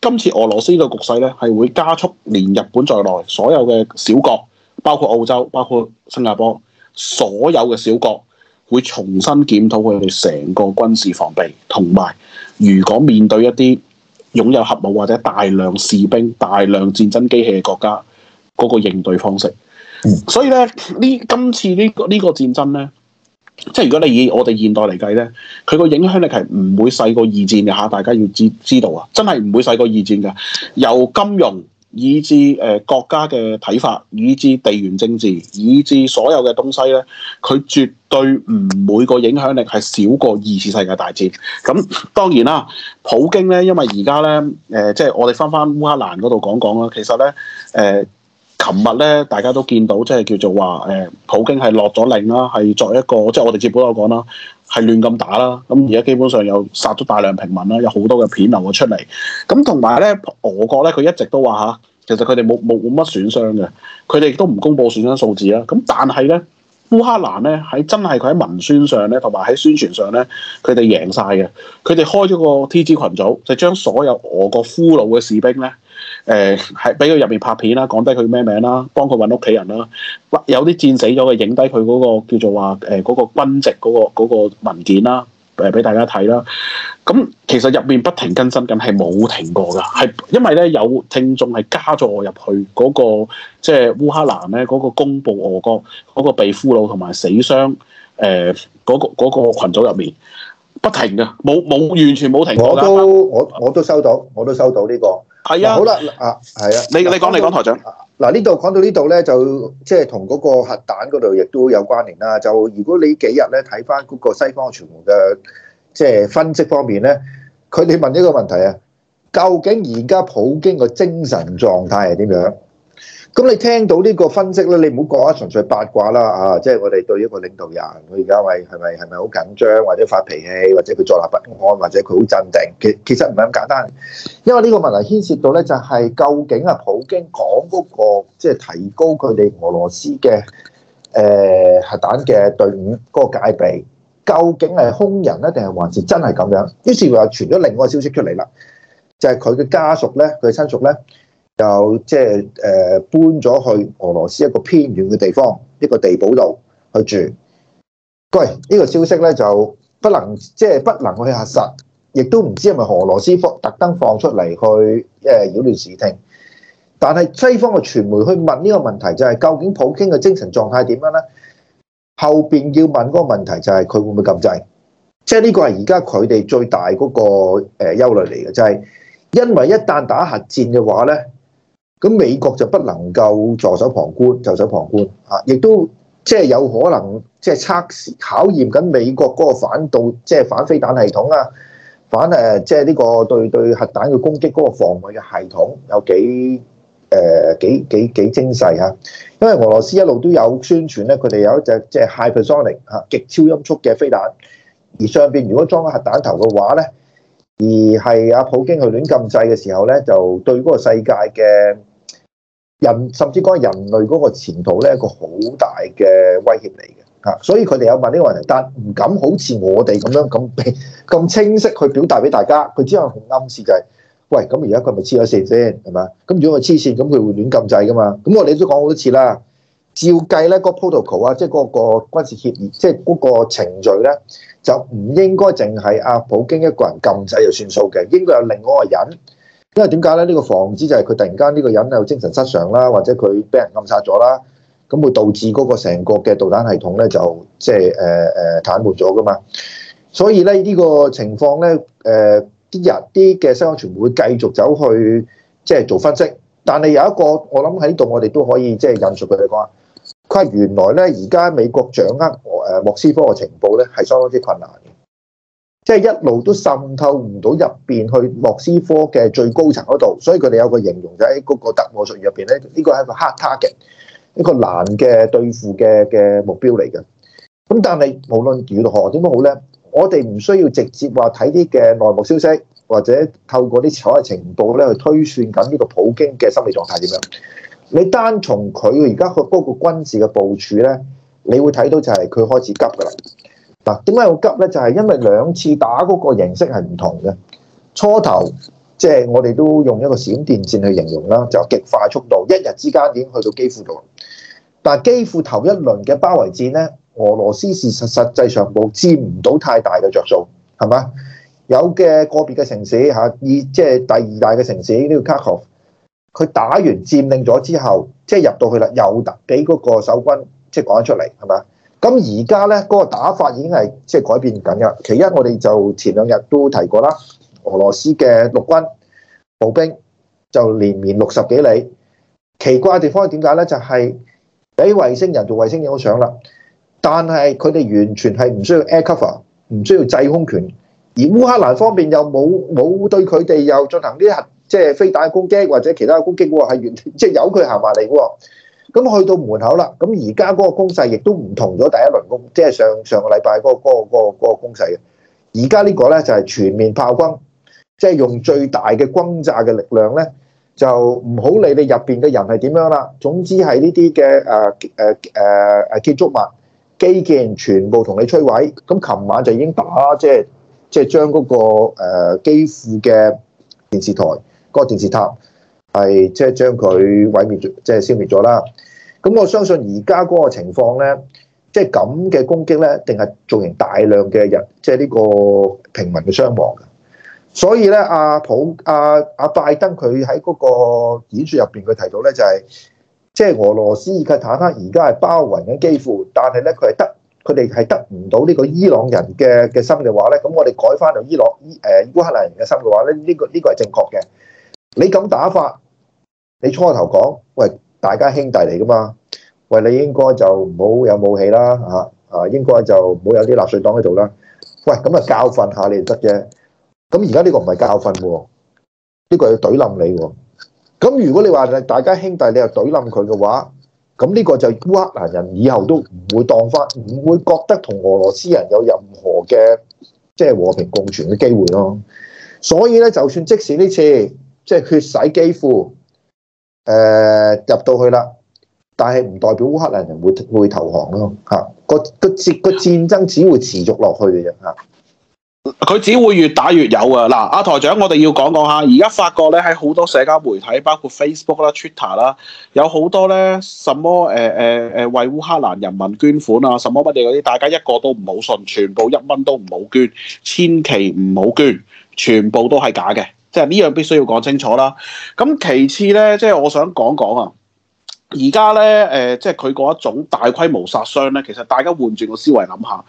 今次俄羅斯嘅局勢咧係會加速連日本在內所有嘅小國，包括澳洲、包括新加坡，所有嘅小國會重新檢討佢哋成個軍事防備，同埋如果面對一啲擁有核武或者大量士兵、大量戰爭機器嘅國家，嗰、嗰個應對方式。嗯、所以咧，呢今次呢、呢個呢、呢個戰爭咧，即係如果你以我哋現代嚟計咧，佢個影響力係唔會細過二戰嘅吓，大家要知知道啊！真係唔會細過二戰嘅，由金融。以至誒、呃、國家嘅睇法，以至地緣政治，以至所有嘅東西咧，佢絕對唔每個影響力係少過二次世界大戰。咁、嗯、當然啦，普京咧，因為而家咧誒，即係我哋翻翻烏克蘭嗰度講講啦。其實咧誒，琴日咧大家都見到，即係叫做話誒、呃，普京係落咗令啦，係作為一個即係我哋接本有講啦。係亂咁打啦，咁而家基本上又殺咗大量平民啦，有好多嘅片流咗出嚟，咁同埋咧，俄國咧佢一直都話吓，其實佢哋冇冇乜損傷嘅，佢哋亦都唔公佈損傷數字啦，咁但係咧。烏克蘭咧喺真係佢喺文宣上咧，同埋喺宣傳上咧，佢哋贏晒嘅。佢哋開咗個 T-Z 群組，就將所有俄國俘虜嘅士兵咧，誒喺俾佢入面拍片啦，講低佢咩名啦，幫佢揾屋企人啦，有啲戰死咗嘅影低佢嗰個叫做話誒嗰個軍籍嗰、那個嗰、那個文件啦。誒俾大家睇啦，咁其實入面不停更新緊，係冇停過噶，係因為咧有聽眾係加咗我入去嗰個即係烏克蘭咧嗰個公布俄國嗰個被俘虜同埋死傷誒嗰個呃嗰個群組入面。不停㗎，冇冇完全冇停我。我都我我都收到，我都收到呢個。係啊，好啦，啊係啊，啊你你講你講台長。嗱呢度講到，講到呢度咧，就即係同嗰個核彈嗰度亦都有關聯啦。就如果你幾日咧睇翻嗰個西方嘅傳媒嘅即係分析方面咧，佢哋問呢個問題啊：究竟而家普京嘅精神狀態係點樣？咁你聽到呢個分析咧，你唔好講啊，純粹八卦啦啊！即係我哋對一個領導人，佢而家係係咪係咪好緊張，或者發脾氣，或者佢坐立不安，或者佢好鎮定？其其實唔係咁簡單，因為呢個問題牽涉到咧，就係究竟啊普京講嗰個即係提高佢哋俄羅斯嘅誒、呃、核彈嘅隊伍嗰個戒備，究竟係空人咧，定係還是真係咁樣？於是又傳咗另外一個消息出嚟啦，就係佢嘅家屬咧，佢嘅親屬咧。就即係誒，搬咗去俄羅斯一個偏遠嘅地方，一個地堡度去住。各位，呢個消息咧就不能即係不能去核實，亦都唔知係咪俄羅斯放特登放出嚟去誒擾亂視聽。但係西方嘅傳媒去問呢個問題，就係究竟普京嘅精神狀態點樣咧？後邊要問嗰個問題就係佢會唔會禁制？即係呢個係而家佢哋最大嗰個誒憂慮嚟嘅，就係因為一旦打核戰嘅話咧。咁美國就不能夠助手旁觀，袖手旁觀啊！亦都即係、就是、有可能即係、就是、測試、考驗緊美國嗰個反導，即、就、係、是、反飛彈系統啊，反誒即係呢個對對核彈嘅攻擊嗰個防衞嘅系統有幾誒、呃、幾幾幾精細啊！因為俄羅斯一路都有宣傳咧，佢哋有一隻即係、就是、hypersonic 嚇極超音速嘅飛彈，而上邊如果裝咗核彈頭嘅話咧，而係阿普京去亂禁制嘅時候咧，就對嗰個世界嘅人甚至講人類嗰個前途咧，一個好大嘅威脅嚟嘅嚇，所以佢哋有問呢個問題，但唔敢好似我哋咁樣咁咁清晰去表達俾大家。佢只係暗示就係：喂，咁而家佢咪黐咗線先係嘛？咁如果佢黐線，咁佢會亂禁制噶嘛？咁我哋都講好多次啦。照計咧，個 protocol 啊，即係嗰個軍事協議，即係嗰個程序咧，就唔應該淨係阿普京一個人禁制就算數嘅，應該有另外一個人。因為點解咧？呢個防止就係佢突然間呢個人有精神失常啦，或者佢俾人暗殺咗啦，咁會導致嗰個成個嘅導彈系統咧就即係誒誒癱瘓咗噶嘛。所以咧呢個情況咧，誒啲人啲嘅西方全部會繼續走去即係做分析。但係有一個我諗喺度，我哋都可以即係引述佢哋講啊，佢係原來咧而家美國掌握誒莫斯科嘅情報咧係相當之困難嘅。即係一路都滲透唔到入邊去莫斯科嘅最高層嗰度，所以佢哋有個形容就喺嗰個特務術語入邊咧，呢個係一個 hard target，一個難嘅對付嘅嘅目標嚟嘅。咁但係無論如何點都好咧，我哋唔需要直接話睇啲嘅內幕消息，或者透過啲所謂情報咧去推算緊呢個普京嘅心理狀態點樣。你單從佢而家個包括軍事嘅部署咧，你會睇到就係佢開始急噶啦。嗱，點解好急呢？就係、是、因為兩次打嗰個形式係唔同嘅。初頭即係、就是、我哋都用一個閃電戰去形容啦，就極快速度，一日之間已經去到基輔度。但係基輔頭一輪嘅包圍戰呢，俄羅斯事實實際上冇佔唔到太大嘅着數，係嘛？有嘅個別嘅城市嚇，以即係、就是、第二大嘅城市呢、這個卡霍，佢打完佔領咗之後，即係入到去啦，又突俾嗰個守軍即係趕咗出嚟，係嘛？咁而家咧，嗰、那個打法已經係即係改變緊噶。其一，我哋就前兩日都提過啦，俄羅斯嘅陸軍步兵就連綿六十幾里。奇怪嘅地方係點解咧？就係、是、俾衛星人做衛星影相啦，但係佢哋完全係唔需要 air cover，唔需要制空權，而烏克蘭方面又冇冇對佢哋又進行啲核即係飛彈攻擊或者其他攻擊喎，係完全即係由佢行埋嚟喎。咁去到門口啦，咁而家嗰個攻勢亦都唔同咗第一輪攻，即係上上個禮拜嗰個嗰個嗰個嗰個攻勢嘅。而家呢個咧就係全面炮轟，即係用最大嘅轟炸嘅力量咧，就唔好理你入邊嘅人係點樣啦。總之係呢啲嘅誒誒誒建築物、機件全部同你摧毀。咁琴晚就已經打，即係即係將嗰個誒基輔嘅電視台、個電視塔。係即係將佢毀滅，即係消滅咗啦。咁我相信而家嗰個情況咧，即係咁嘅攻擊咧，定係造成大量嘅人，即係呢個平民嘅傷亡。所以咧、啊，阿普阿阿拜登佢喺嗰個演説入邊，佢提到咧就係、是，即、就、係、是、俄羅斯及坦克而家係包圍緊基輔，但係咧佢係得佢哋係得唔到呢個伊朗人嘅嘅心嘅話咧，咁我哋改翻到伊朗伊誒烏、呃、克蘭人嘅心嘅話咧，呢、這個呢、這個係正確嘅。你咁打法，你初頭講，喂，大家兄弟嚟噶嘛？喂，你應該就唔好有武器啦，吓啊，應該就唔好有啲納粹黨喺度啦。喂，咁啊，教訓下你就得嘅。咁而家呢個唔係教訓喎、哦，呢個要懟冧你喎、哦。咁如果你話大家兄弟，你又懟冧佢嘅話，咁呢個就烏克蘭人以後都唔會當翻，唔會覺得同俄羅斯人有任何嘅即係和平共存嘅機會咯、哦。所以咧，就算即使呢次，即係血洗基輔，誒入到去啦，但係唔代表烏克蘭人會會投降咯嚇，個個戰個戰爭只會持續落去嘅啫嚇，佢只會越打越有啊！嗱、啊，阿、啊啊啊、台長，我哋要講講下，而家發覺咧喺好多社交媒體，包括 Facebook 啦、Twitter 啦、啊，有好多咧什麼誒誒誒為烏克蘭人民捐款啊，什麼乜嘢嗰啲，大家一個都唔好信，全部一蚊都唔好捐，千祈唔好捐，全部都係假嘅。啊。即係呢樣必須要講清楚啦。咁其次咧，即係我想講講啊，而家咧誒，即係佢嗰一種大規模殺傷咧，其實大家換轉個思維諗下，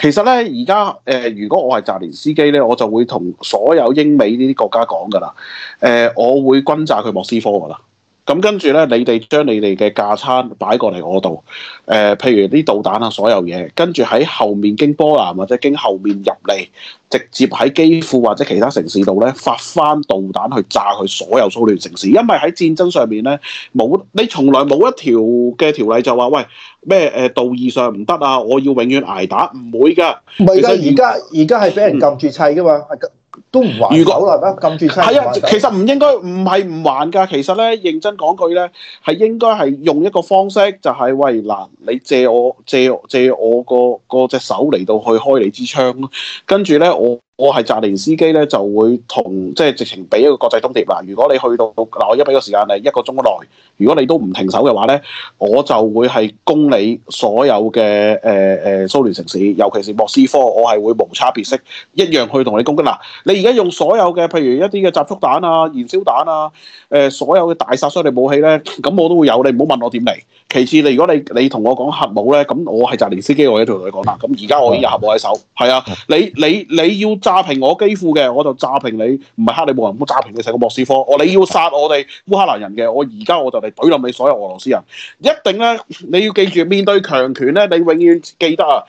其實咧而家誒，如果我係澤連斯基咧，我就會同所有英美呢啲國家講噶啦。誒、呃，我會轟炸佢莫斯科噶啦。咁跟住咧，你哋將你哋嘅架撐擺過嚟我度，誒、呃，譬如啲導彈啊，所有嘢，跟住喺後面經波蘭或者經後面入嚟，直接喺機庫或者其他城市度咧發返導彈去炸佢所有蘇聯城市。因為喺戰爭上面咧，冇，你從來冇一條嘅條例就話喂咩誒道義上唔得啊！我要永遠捱打，唔會㗎，唔係㗎，而家而家係俾人撳住砌㗎嘛。嗯都唔還手啦，咁傑西！係啊，其實唔應該唔係唔還噶。其實咧，認真講句咧，係應該係用一個方式，就係、是、喂嗱，你借我借借我個個隻手嚟到去開你支槍、啊，咯。跟住咧，我我係澤連斯基咧，就會同即係直情俾一個國際通牒啦。如果你去到嗱，我一俾個時間係一個鐘內，如果你都唔停手嘅話咧，我就會係攻你所有嘅誒誒蘇聯城市，尤其是莫斯科，我係會無差別式一樣去同你攻擊嗱你。而家用所有嘅，譬如一啲嘅集束彈啊、燃燒彈啊、誒、呃，所有嘅大殺傷力武器咧，咁我都會有。你唔好問我點嚟。其次你，你如果你你同我講核武咧，咁我係澤連斯基，我一早同你講啦。咁而家我已經有核武喺手。係啊，你你你要炸平我基輔嘅，我就炸平你。唔係克里姆人會炸平你成個莫斯科。我你要殺我哋烏克蘭人嘅，我而家我就嚟懟冧你所有俄羅斯人。一定咧，你要記住，面對強權咧，你永遠記得啊！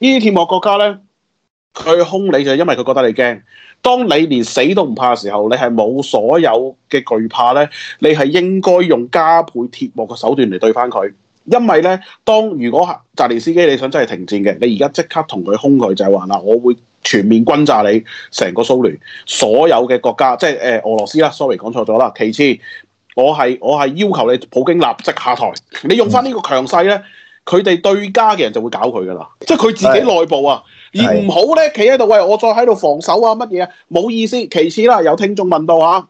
呢啲鐵幕國家咧。佢兇你就係、是、因為佢覺得你驚。當你連死都唔怕嘅時候，你係冇所有嘅懼怕咧，你係應該用加倍鐵幕嘅手段嚟對翻佢。因為咧，當如果澤連斯基你想真係停戰嘅，你而家即刻同佢兇佢就係話嗱，我會全面轟炸你成個蘇聯所有嘅國家，即係誒、呃、俄羅斯啦。sorry 講錯咗啦。其次，我係我係要求你普京立即下台。你用翻呢個強勢咧，佢哋對家嘅人就會搞佢噶啦，即係佢自己內部啊。而唔好咧，企喺度喂，我再喺度防守啊，乜嘢啊，冇意思。其次啦，有聽眾問到嚇，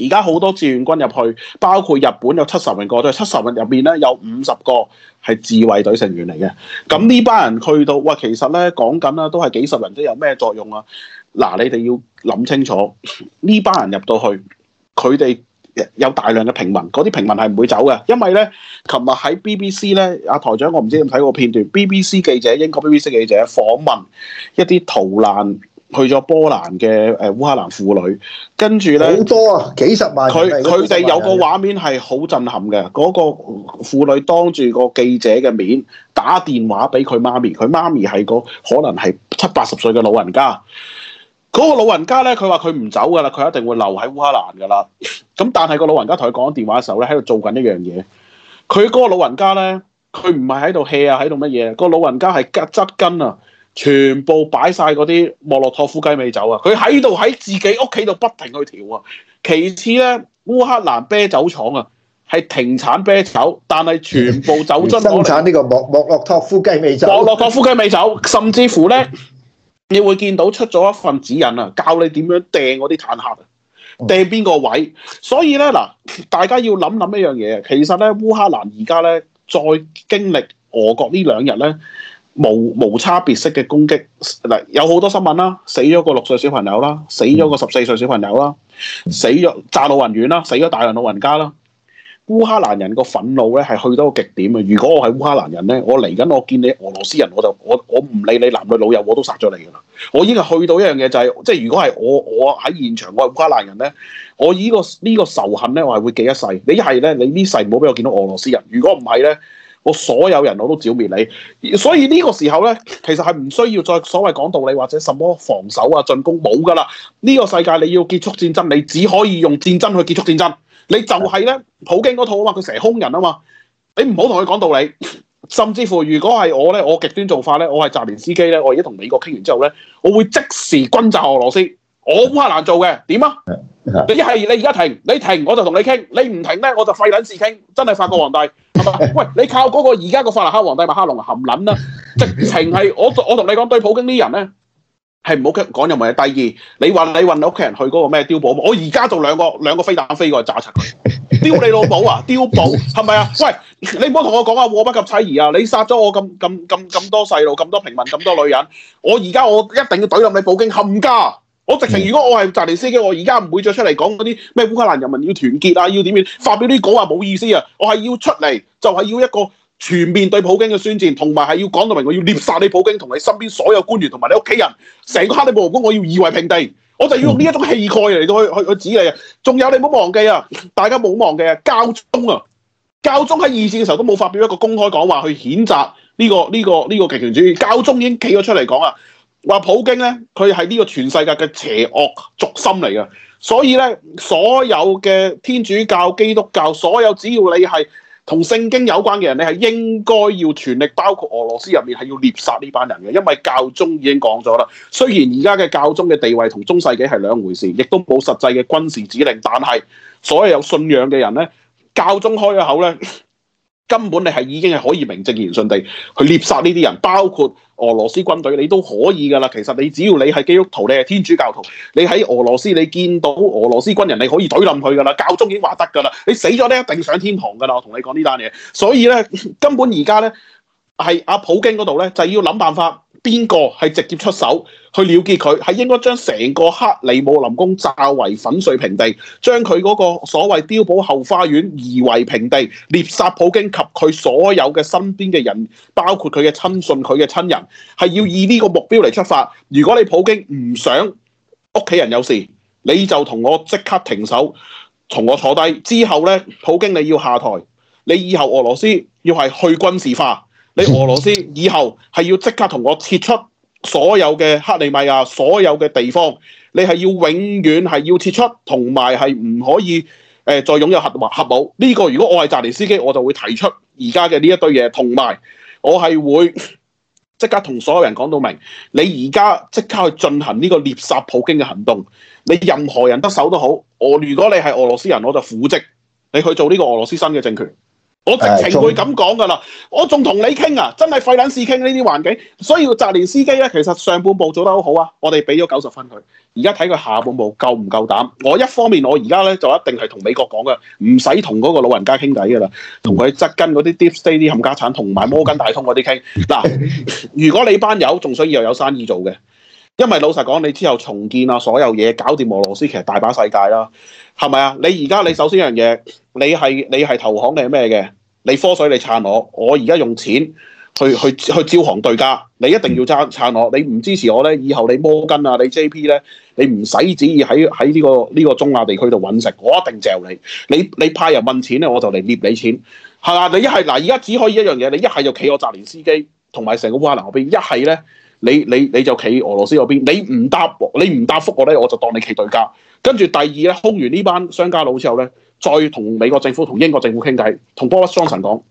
而家好多志願軍入去，包括日本有七十名個隊，七十人入邊咧有五十個係自衛隊成員嚟嘅。咁呢班人去到，喂，其實咧講緊啦，都係幾十人，都有咩作用啊？嗱，你哋要諗清楚呢班人入到去，佢哋。有大量嘅平民，嗰啲平民係唔會走嘅，因為呢，琴日喺 BBC 呢，阿、啊、台長我唔知你有冇睇過片段，BBC 記者英國 BBC 記者訪問一啲逃難去咗波蘭嘅誒烏克蘭婦女，跟住呢，好多啊幾十萬、啊，佢佢哋有個畫面係好震撼嘅，嗰、嗯、個婦女當住個記者嘅面打電話俾佢媽咪，佢媽咪係個可能係七八十歲嘅老人家。嗰個老人家咧，佢話佢唔走噶啦，佢一定會留喺烏克蘭噶啦。咁 但係個老人家同佢講電話嘅時候咧，喺度做緊一樣嘢。佢嗰個老人家咧，佢唔係喺度 hea 啊，喺度乜嘢？個老人家係吉質根啊，全部擺晒嗰啲莫洛托夫雞尾酒啊，佢喺度喺自己屋企度不停去調啊。其次咧，烏克蘭啤酒廠啊，係停產啤酒，但係全部酒精攞嚟生產呢個莫莫洛托夫雞尾酒。莫洛托夫雞尾酒，酒，甚至乎咧。 你會見到出咗一份指引啊，教你點樣掟嗰啲坦克，掟邊個位。所以咧嗱，大家要諗諗一樣嘢啊。其實咧，烏克蘭而家咧再經歷俄國呢兩日咧無無差別式嘅攻擊嗱，有好多新聞啦，死咗個六歲小朋友啦，死咗個十四歲小朋友啦，死咗炸老人院啦，死咗大量老人家啦。烏克蘭人個憤怒咧係去到個極點啊！如果我係烏克蘭人咧，我嚟緊我見你俄羅斯人，我就我我唔理你男女老幼，我都殺咗你噶啦！我已經係去到一樣嘢，就係、係、即係如果係我我喺現場我係烏克蘭人咧，我依、呢個呢、呢個仇恨咧我係會記一世。你係咧，你呢世唔好俾我見到俄羅斯人。如果唔係咧，我所有人我都剿滅你。所以呢個時候咧，其實係唔需要再所謂講道理或者什麼防守啊、進攻，冇噶啦。呢、呢個世界你要結束戰爭，你只可以用戰爭去結束戰爭。你就係咧，普京嗰套啊嘛，佢成日兇人啊嘛，你唔好同佢講道理。甚至乎，如果係我咧，我極端做法咧，我係澤連斯基咧，我而家同美國傾完之後咧，我會即時轟炸俄羅斯。我烏克蘭做嘅點啊？你係你而家停，你停我就同你傾，你唔停咧我就廢撚事傾。真係法國皇帝，係咪？ 喂，你靠嗰個而家個法蘭克皇帝馬克龍含撚啦，啊？直情係我我同你講對普京啲人咧。係唔好講任何嘢。第二，你話你運你屋企人去嗰個咩碉堡，我而家就兩個兩個飛彈飛過去炸拆佢。丟你老母啊！碉堡係咪啊？喂，你唔好同我講啊！禍不及妻兒啊！你殺咗我咁咁咁咁多細路，咁多平民，咁多女人，我而家我一定要懟冧你報警冚家！我直情如果我係澤連斯基，我而家唔會再出嚟講嗰啲咩烏克蘭人民要團結啊，要點樣發表啲稿啊，冇意思啊！我係要出嚟就係、是、要一個。全面對普京嘅宣戰，同埋係要講到明，我要獵殺你普京同你身邊所有官員，同埋你屋企人，成個克里姆林宮，我要夷為平地，我就要用呢一種氣概嚟到去去去指你啊！仲有你唔好忘記啊，大家唔好忘記啊，教宗啊，教宗喺二戰嘅時候都冇發表一個公開講話去譴責呢個呢個呢個極權主義，教宗已經企咗出嚟講啊，話普京咧佢係呢個全世界嘅邪惡軸心嚟噶，所以咧所有嘅天主教、基督教，所有只要你係。同聖經有關嘅人，你係應該要全力包括俄羅斯入面，係要獵殺呢班人嘅，因為教宗已經講咗啦。雖然而家嘅教宗嘅地位同中世紀係兩回事，亦都冇實際嘅軍事指令，但係所有有信仰嘅人呢，教宗開咗口呢。 根本你係已經係可以名正言順地去獵殺呢啲人，包括俄羅斯軍隊，你都可以噶啦。其實你只要你係基督徒，你係天主教徒，你喺俄羅斯你見到俄羅斯軍人，你可以懟冧佢噶啦。教宗已經話得噶啦，你死咗咧一定上天堂噶啦，我同你講呢單嘢。所以咧，根本而家咧係阿普京嗰度咧，就要諗辦法。邊個係直接出手去了結佢？係應該將成個克里姆林宮炸為粉碎平地，將佢嗰個所謂碉堡後花園夷為平地，獵殺普京及佢所有嘅身邊嘅人，包括佢嘅親信、佢嘅親人，係要以呢個目標嚟出發。如果你普京唔想屋企人有事，你就同我即刻停手，同我坐低。之後呢，普京你要下台，你以後俄羅斯要係去軍事化。你俄羅斯以後係要即刻同我撤出所有嘅克里米亞，所有嘅地方，你係要永遠係要撤出，同埋係唔可以誒、呃、再擁有核核武。呢、這個如果我係澤連斯基，我就會提出而家嘅呢一堆嘢，同埋我係會即 刻同所有人講到明。你而家即刻去進行呢個獵殺普京嘅行動，你任何人得手都好，我如果你係俄羅斯人，我就扶植。你去做呢個俄羅斯新嘅政權。我直情會咁講噶啦，我仲同你傾啊，真係費卵事傾呢啲環境。所以澤連斯基咧，其實上半部做得好好啊，我哋俾咗九十分佢。而家睇佢下半部夠唔夠膽？我一方面我而家咧就一定係同美國講嘅，唔使同嗰個老人家傾偈噶啦，同佢側根嗰啲 Deep State 冚家產同埋摩根大通嗰啲傾。嗱，如果你班友仲想要有生意做嘅，因為老實講，你之後重建啊，所有嘢搞掂俄羅斯，其實大把世界啦，係咪啊？你而家你首先一樣嘢，你係你係投行，你係咩嘅？你科水，你撐我，我而家用錢去去去招行對家，你一定要撐撐我，你唔支持我咧，以後你摩根啊，你 JP 咧，你唔使旨意喺喺呢個呢個中亞地區度揾食，我一定嚼你。你你派人問錢咧，我就嚟搣你錢，係啊，你一係嗱，而家只可以一樣嘢，你一係就企我澤連斯基同埋成個烏克蘭嗰邊，一係咧，你你你就企俄羅斯嗰邊，你唔答，你唔答覆我咧，我就當你企對家。跟住第二咧，空完呢班商家佬之後咧。再同美國政府同英國政府傾偈，同 Boris Johnson 講：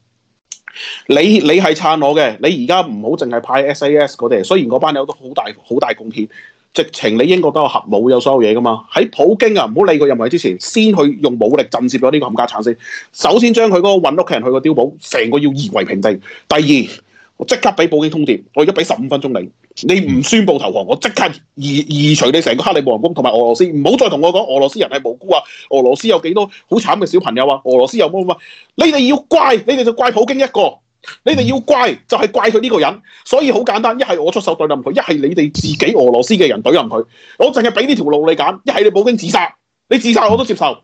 你你係撐我嘅，你而家唔好淨係派 S A S 嗰啲。雖然嗰班友都好大好大貢獻，直情你英國都有核武，有所有嘢噶嘛？喺普京啊，唔好理佢入位之前，先去用武力震懾咗呢個冚家鏟先。首先將佢嗰個韞屋企人去個碉堡，成個要夷為平地。第二。我即刻俾普京通電，我而家俾十五分鐘你，你唔宣布投降，我即刻移移除你成個克里姆林宮同埋俄羅斯，唔好再同我講俄羅斯人係無辜啊！俄羅斯有幾多好慘嘅小朋友啊！俄羅斯有冇啊？你哋要怪你哋就怪普京一個，你哋要怪就係怪佢呢個人，所以好簡單，一係我出手對冧佢，一係你哋自己俄羅斯嘅人對冧佢，我淨係俾呢條路你揀，一係你普京自殺，你自殺我都接受。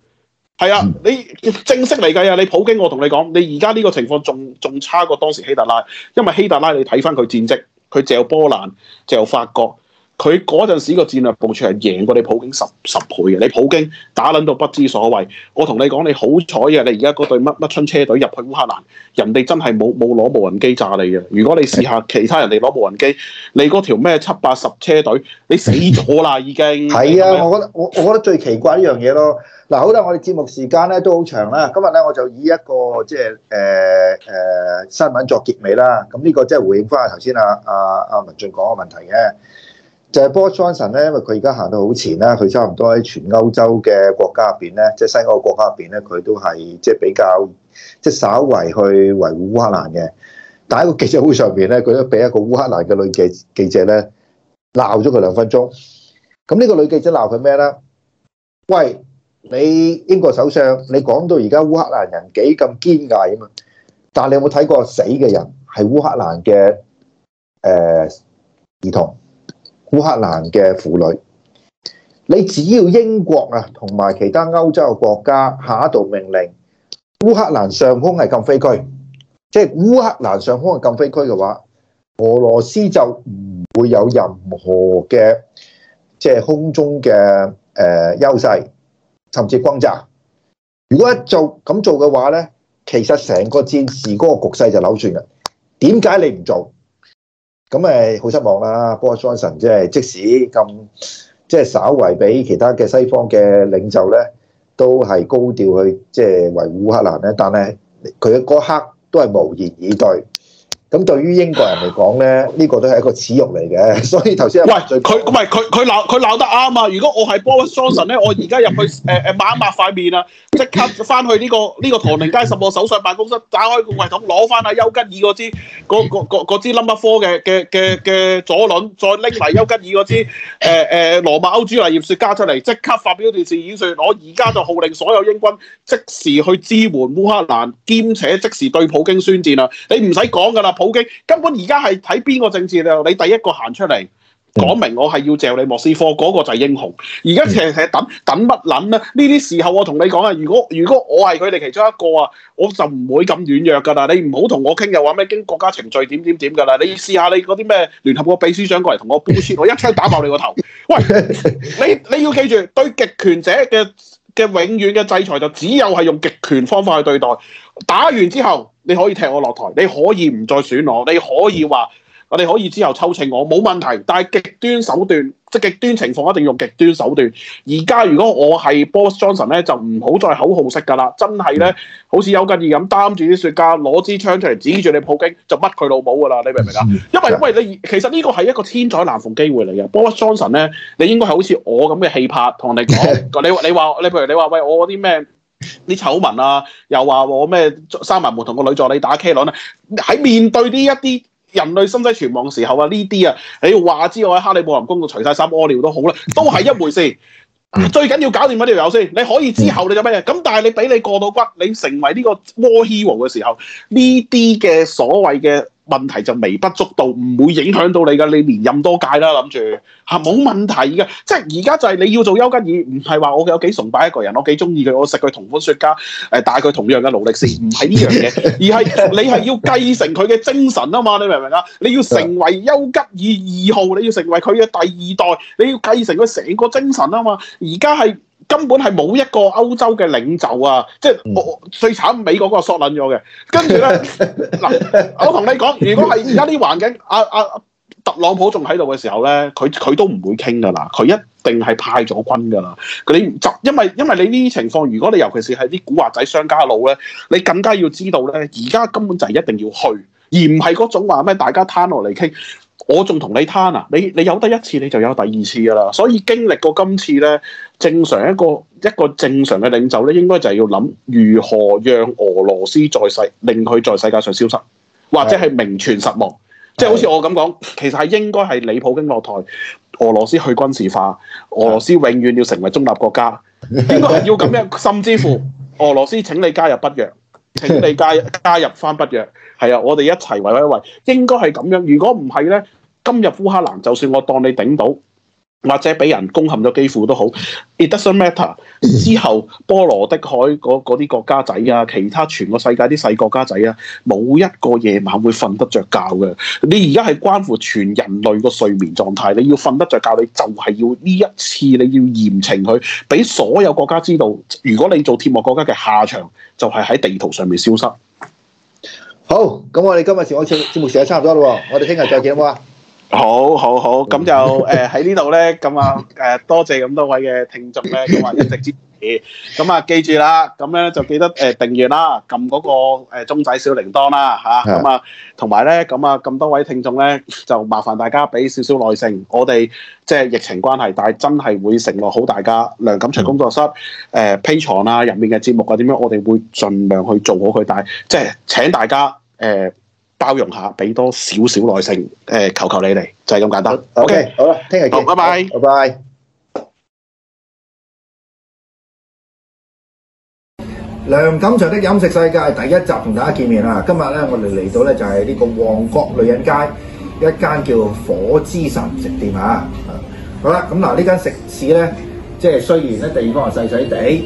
係啊，你正式嚟計啊，你普京，我同你講，你而家呢個情況仲仲差過當時希特拉，因為希特拉你睇返佢戰績，佢炸波蘭、炸法國，佢嗰陣時個戰略部署係贏過你普京十十倍嘅。你普京打撚到不知所謂，我同你講，你好彩啊！你而家嗰隊乜乜春車隊入去烏克蘭，人哋真係冇冇攞無人機炸你嘅。如果你試下其他人哋攞無人機，你嗰條咩七八十車隊，你死咗啦已經了了。係啊， 我覺得我我覺得最奇怪一樣嘢咯。嗱，好啦，我哋節目時間咧都好長啦，今日咧我就以一個即係誒誒新聞作結尾啦。咁呢個即係回應翻頭先啊啊啊文進講嘅問題嘅，就係 Boris Johnson 咧，因為佢而家行到好前啦，佢差唔多喺全歐洲嘅國家入邊咧，即係西歐國家入邊咧，佢都係即係比較即係稍微去維護烏克蘭嘅。但喺個記者會上邊咧，佢都俾一個烏克蘭嘅女記記者咧鬧咗佢兩分鐘。咁呢個女記者鬧佢咩咧？喂！你英國首相，你講到而家烏克蘭人幾咁堅毅啊嘛？但係你有冇睇過死嘅人係烏克蘭嘅誒兒童、烏克蘭嘅婦女？你只要英國啊，同埋其他歐洲嘅國家下一道命令，烏克蘭上空係禁飛區，即係烏克蘭上空係禁飛區嘅話，俄羅斯就唔會有任何嘅即係空中嘅誒優勢。甚至轟炸，如果一做咁做嘅話咧，其實成個戰事嗰個局勢就扭轉啦。點解你唔做？咁誒好失望啦，Boris Johnson 即係即使咁，即係稍為比其他嘅西方嘅領袖咧，都係高調去即係維護烏克蘭咧，但係佢嘅嗰刻都係無言以對。咁對於英國人嚟講咧，呢個都係一個恥辱嚟嘅，所以頭先唔佢，唔係佢，佢鬧佢鬧得啱啊！如果我係波威桑臣咧，我而家入去誒誒抹一抹塊面啊，即刻翻去呢個呢個唐寧街十號首相辦公室，打開個系統攞翻阿丘吉爾嗰支嗰嗰嗰嗰支林肯科嘅嘅嘅嘅左輪，再拎埋丘吉爾嗰支誒誒羅馬歐珠泥葉雪茄出嚟，即刻發表電視演説，我而家就號令所有英軍即時去支援烏克蘭，兼且即時對普京宣戰啊！你唔使講㗎啦。根本而家係睇邊個政治咧？你第一個行出嚟講明我係要借你莫斯科嗰個就係英雄。而家成日成日等等乜諗咧？呢啲時候我同你講啊！如果如果我係佢哋其中一個啊，我就唔會咁軟弱噶啦。你唔好同我傾又話咩經國家程序點點點噶啦。你試下你嗰啲咩聯合國秘書長過嚟同我布宣，我一槍打爆你個頭！喂，你你要記住對極權者嘅。嘅永遠嘅制裁就只有係用極權方法去對待，打完之後你可以踢我落台，你可以唔再選我，你可以話。我哋可以之後抽屜我冇問題，但係極端手段，即係極端情況一定用極端手段。而家如果我係 Boris Johnson 咧，就唔好再口號式㗎啦，真係咧，好似邱吉爾咁擔住啲雪茄攞支槍出嚟指住你普京就甩佢老母㗎啦！你明唔明啊？因為喂，你其實呢個係一個千載難逢機會嚟嘅。Boris Johnson 咧， 你應該係好似我咁嘅氣魄，同你講你，你話你譬如你話喂，我啲咩啲醜聞啊，又話我咩閂埋門同個女助理打 K 輪啊，喺面對呢一啲。人類心世存亡時候啊，呢啲啊，你話之我喺哈利布林宮度除晒衫屙尿都好啦，都係一回事。 最緊要搞掂嗰條友先，你可以之後你做咩嘢？咁但係你俾你過到骨，你成為呢個 war hero 嘅時候，呢啲嘅所謂嘅。問題就微不足道，唔會影響到你噶。你連任多屆啦，諗住嚇冇問題嘅。即係而家就係你要做丘吉爾，唔係話我有幾崇拜一個人，我幾中意佢，我食佢同款雪茄，誒、呃，戴佢同樣嘅勞力士，唔係呢樣嘢，而係 你係要繼承佢嘅精神啊嘛！你明唔明啊？你要成為丘吉爾二號，你要成為佢嘅第二代，你要繼承佢成個精神啊嘛！而家係。根本係冇一個歐洲嘅領袖啊！即係我最慘，美國個縮撚咗嘅。跟住咧，嗱， 我同你講，如果係而家啲環境，阿、啊、阿、啊、特朗普仲喺度嘅時候咧，佢佢都唔會傾噶啦，佢一定係派咗軍噶啦。佢就因為因為你呢啲情況，如果你尤其是係啲古惑仔商家佬咧，你更加要知道咧，而家根本就係一定要去，而唔係嗰種話咩大家攤落嚟傾。我仲同你攤啊！你你有得一次，你就有第二次噶啦。所以經歷過今次呢，正常一個一個正常嘅領袖呢，應該就係要諗如何讓俄羅斯在世，令佢在世界上消失，或者係名存實亡。即係的好似我咁講，其實係應該係你普京落台，俄羅斯去軍事化，俄羅斯永遠要成為中立國家。應該係要咁樣， 甚至乎俄羅斯請你加入北約，請你加入加入翻北約。係啊，我哋一齊維維維，應該係咁樣。如果唔係呢。今日烏克蘭，就算我當你頂到，或者俾人攻陷咗幾乎都好，it doesn't matter。之後波羅的海嗰啲國家仔啊，其他全個世界啲細國家仔啊，冇一個夜晚會瞓得着覺嘅。你而家係關乎全人類個睡眠狀態，你要瞓得着覺，你就係要呢一次你要嚴懲佢，俾所有國家知道，如果你做鐵幕國家嘅下場，就係喺地圖上面消失。好，咁我哋今日節目時間差唔多咯，我哋聽日再見好嘛？好好好，咁就誒喺、呃、呢度咧，咁啊誒多謝咁多位嘅聽眾咧，咁啊一直支持，咁啊記住啦，咁咧就記得誒、呃、訂閱啦，撳嗰個誒鐘仔小鈴鐺啦，吓、啊，咁啊同埋咧，咁啊咁多位聽眾咧，就麻煩大家俾少少耐性，我哋即係疫情關係，但係真係會承諾好大家，梁錦祥工作室誒 Patreon 啊，入面嘅節目啊點樣，我哋會盡量去做好佢，但係即係請大家誒。呃包容下，俾多少少耐性，誒，求求你哋就係咁簡單。OK，好啦，聽日見，拜拜，拜拜。梁錦祥的飲食世界第一集同大家見面啦。今日咧，我哋嚟到咧就係呢個旺角女人街一間叫火之神食店啊。好啦，咁嗱，呢間食肆咧，即係雖然咧地方係細細地。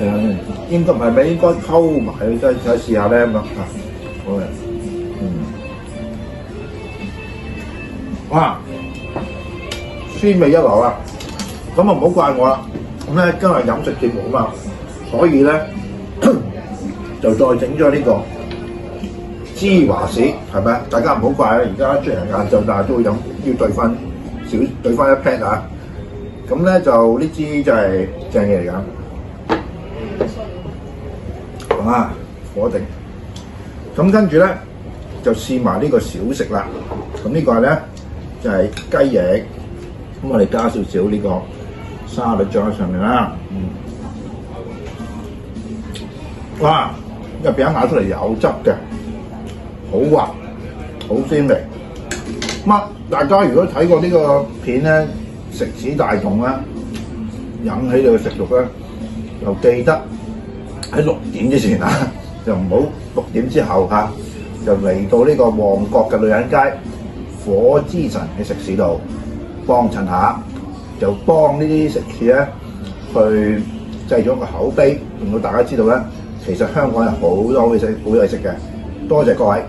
係啊、嗯，應該唔係咩？應該溝埋，再係試下咧咁啊！好嘅，嗯，哇，酸味一流啊！咁啊，唔好怪我啦。咁咧，今日飲食節目啊嘛，所以咧就再整咗呢個芝華士，係咪大家唔好怪啊！而家雖然晏晝，但係都會飲，要兌翻少，兌翻一 pat 啊！咁咧就呢支就係正嘢嚟㗎。啊，我定。咁跟住咧，就試埋呢個小食啦。咁、這個、呢個咧就係、是、雞翼，咁、嗯、我哋加少少呢個沙律醬喺上面啦。嗯，哇，入邊咬出嚟有汁嘅，好滑，好鮮味。咁大家如果睇過呢個片咧，食指大動啦，引起你嘅食欲咧，又記得。喺六點之前啊，就唔好六點之後嚇、啊，就嚟到呢個旺角嘅女人街火之神嘅食肆度幫襯下，就幫呢啲食肆咧去製咗一個口碑，令到大家知道咧，其實香港有好多好嘢食，好嘢食嘅，多謝各位。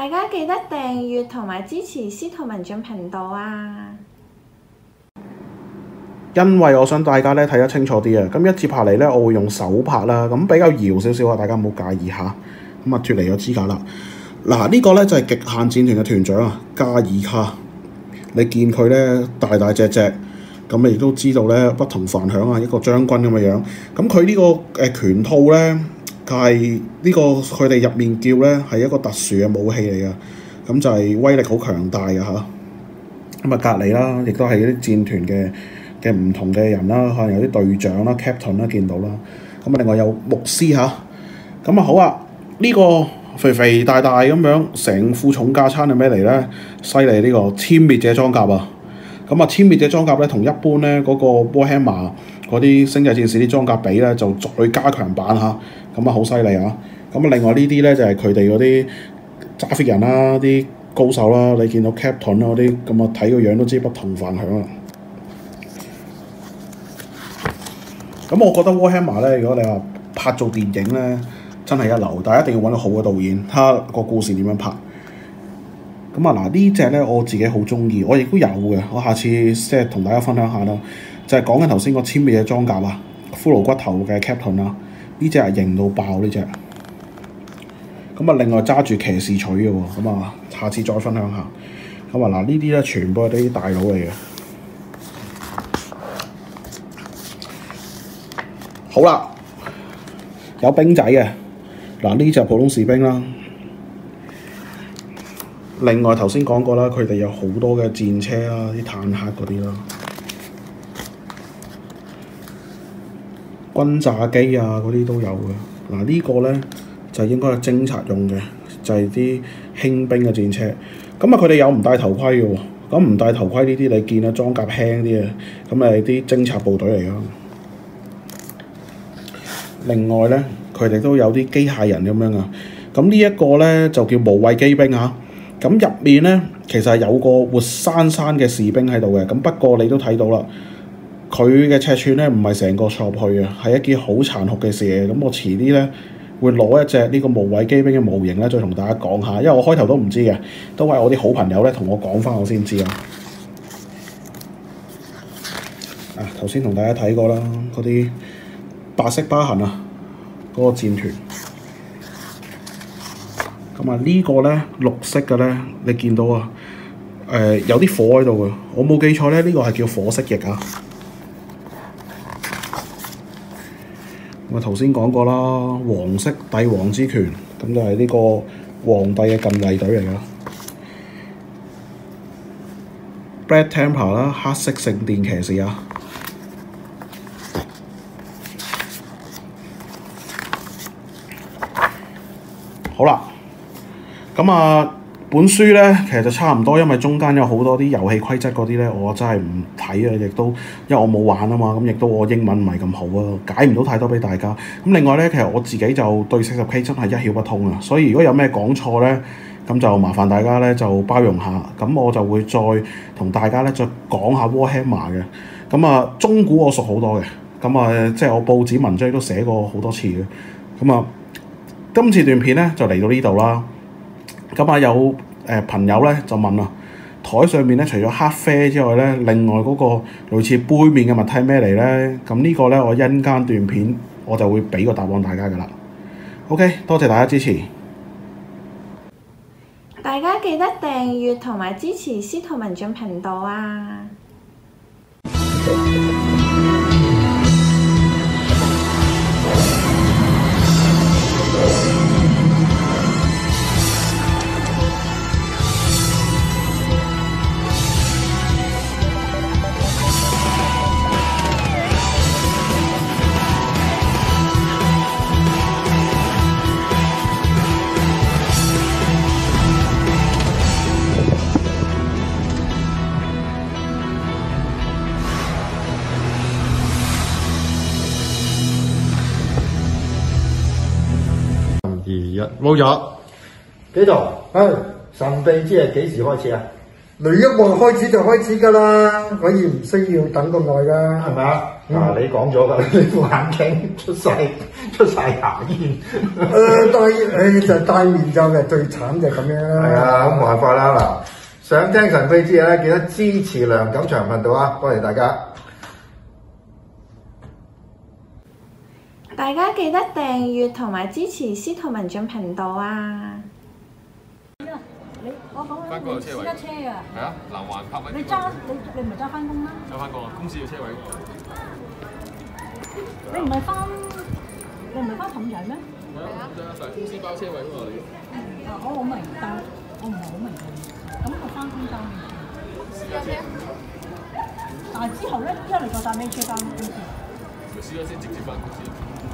大家記得訂閱同埋支持司徒文進頻道啊！因為我想大家咧睇得清楚啲啊，咁一接下嚟咧我會用手拍啦，咁比較搖少少啊，大家唔好介意吓，咁啊脫離咗支架啦。嗱，這個、呢個咧就係、是、極限戰團嘅團長啊，加爾卡。你見佢咧大大只隻，咁你都知道咧不同凡響啊，一個將軍咁嘅樣，樣。咁佢呢個誒、呃、拳套咧。佢係呢個佢哋入面叫咧係一個特殊嘅武器嚟噶，咁就係威力好強大嘅嚇。咁啊，隔離啦，亦都係嗰啲戰團嘅嘅唔同嘅人啦，可、啊、能有啲隊長啦、captain 啦、啊，見到啦。咁啊，另外有牧師嚇。咁啊，啊，好啊，呢、這個肥肥大大咁樣成副重加餐係咩嚟咧？犀利呢個殲滅者裝甲啊！咁啊，殲滅者裝甲咧，同一般咧嗰、那個 Bohemar 嗰啲星際戰士啲裝甲比咧，就再加強版嚇。啊咁啊，好犀利啊！咁另外呢啲咧就係佢哋嗰啲揸 fit 人啦，啲高手啦、啊，你見到 Captain 嗰啲咁啊，睇個樣都知不同凡響啊！咁我覺得 Warhammer 咧，如果你話拍做電影咧，真係一流，但係一定要揾到好嘅導演，睇下個故事點樣拍。咁啊，嗱呢隻咧我自己好中意，我亦都有嘅，我下次即係同大家分享下啦，就係講緊頭先個黐尾嘅裝甲啊，骷髏骨頭嘅 Captain 啊。呢隻係型到爆呢隻，咁啊另外揸住騎士取嘅喎，咁啊下次再分享下，咁啊嗱呢啲咧全部係啲大佬嚟嘅，好啦，有兵仔嘅，嗱呢隻普通士兵啦，另外頭先講過啦，佢哋有好多嘅戰車啦，啲坦克嗰啲啦。軍炸機啊，嗰啲都有嘅。嗱呢個咧就應該係偵察用嘅，就係啲輕兵嘅戰車。咁啊，佢哋有唔戴頭盔嘅，咁唔戴頭盔呢啲你見啊，裝甲輕啲嘅，咁係啲偵察部隊嚟噶。另外咧，佢哋都有啲機械人咁樣噶。咁呢一個咧就叫無畏機兵啊。咁入面咧其實係有個活生生嘅士兵喺度嘅。咁不過你都睇到啦。佢嘅尺寸咧唔係成個錯去啊，係一件好殘酷嘅事。咁我遲啲咧會攞一隻呢個無畏機兵嘅模型咧，再同大家講下，因為我開頭都唔知嘅，都係我啲好朋友咧同我講返我先知啊。啊，頭先同大家睇過啦，嗰啲白色疤痕啊，嗰、那個戰團。咁啊，這個、呢個咧綠色嘅咧，你見到啊？誒、呃，有啲火喺度嘅。我冇記錯咧，呢、這個係叫火蜥蜴啊。我頭先講過啦，黃色帝王之權，咁就係呢個皇帝嘅禁衛隊嚟噶。Black Templar 啦，黑色聖殿騎士啊。好啦，咁啊。本書呢，其實就差唔多，因為中間有好多啲遊戲規則嗰啲呢，我真係唔睇啊，亦都因為我冇玩啊嘛，咁亦都我英文唔係咁好啊，解唔到太多俾大家。咁另外呢，其實我自己就對四十 K 真係一竅不通啊，所以如果有咩講錯呢，咁就麻煩大家呢就包容下。咁我就會再同大家呢再講下 Warhammer 嘅。咁啊，中古我熟好多嘅，咁啊即係我報紙文章都寫過好多次嘅。咁啊，今次段片呢就嚟到呢度啦。咁啊，有誒、呃、朋友咧就問啦，枱上面咧除咗黑啡之外咧，另外嗰個類似杯麵嘅物體咩嚟咧？咁呢個咧我一間段片我就會俾個答案大家噶啦。OK，多謝大家支持，大家記得訂閱同埋支持司徒文進頻道啊！冇咗幾度？徒哎，神秘之夜幾時開始啊？雷一望開始就開始噶啦，可以唔需要等咁耐噶，係咪、嗯啊、你講咗、嗯、你副眼鏡出晒出晒牙煙，誒、呃，戴、哎、就戴、是、面罩嘅。 最慘就咁樣啦。係啊，咁冇辦法啦嗱。想聽神秘之夜咧，記得支持梁錦祥頻道啊，多謝大家。大家記得訂閱同埋支持司徒文進頻道啊！邊啊？你我講緊私家車啊？係啊！嗱，還泊位？你揸你你唔係揸翻工啦？揸翻工啊！公司要車位。你唔係翻你唔係翻氹仔咩？係啊！但係公司包車位咁啊？啊！我好明，但係我唔係好明。咁我翻工揸？私家車。但係之後咧，一嚟就帶咩車翻公司？咪私家車直接翻公司。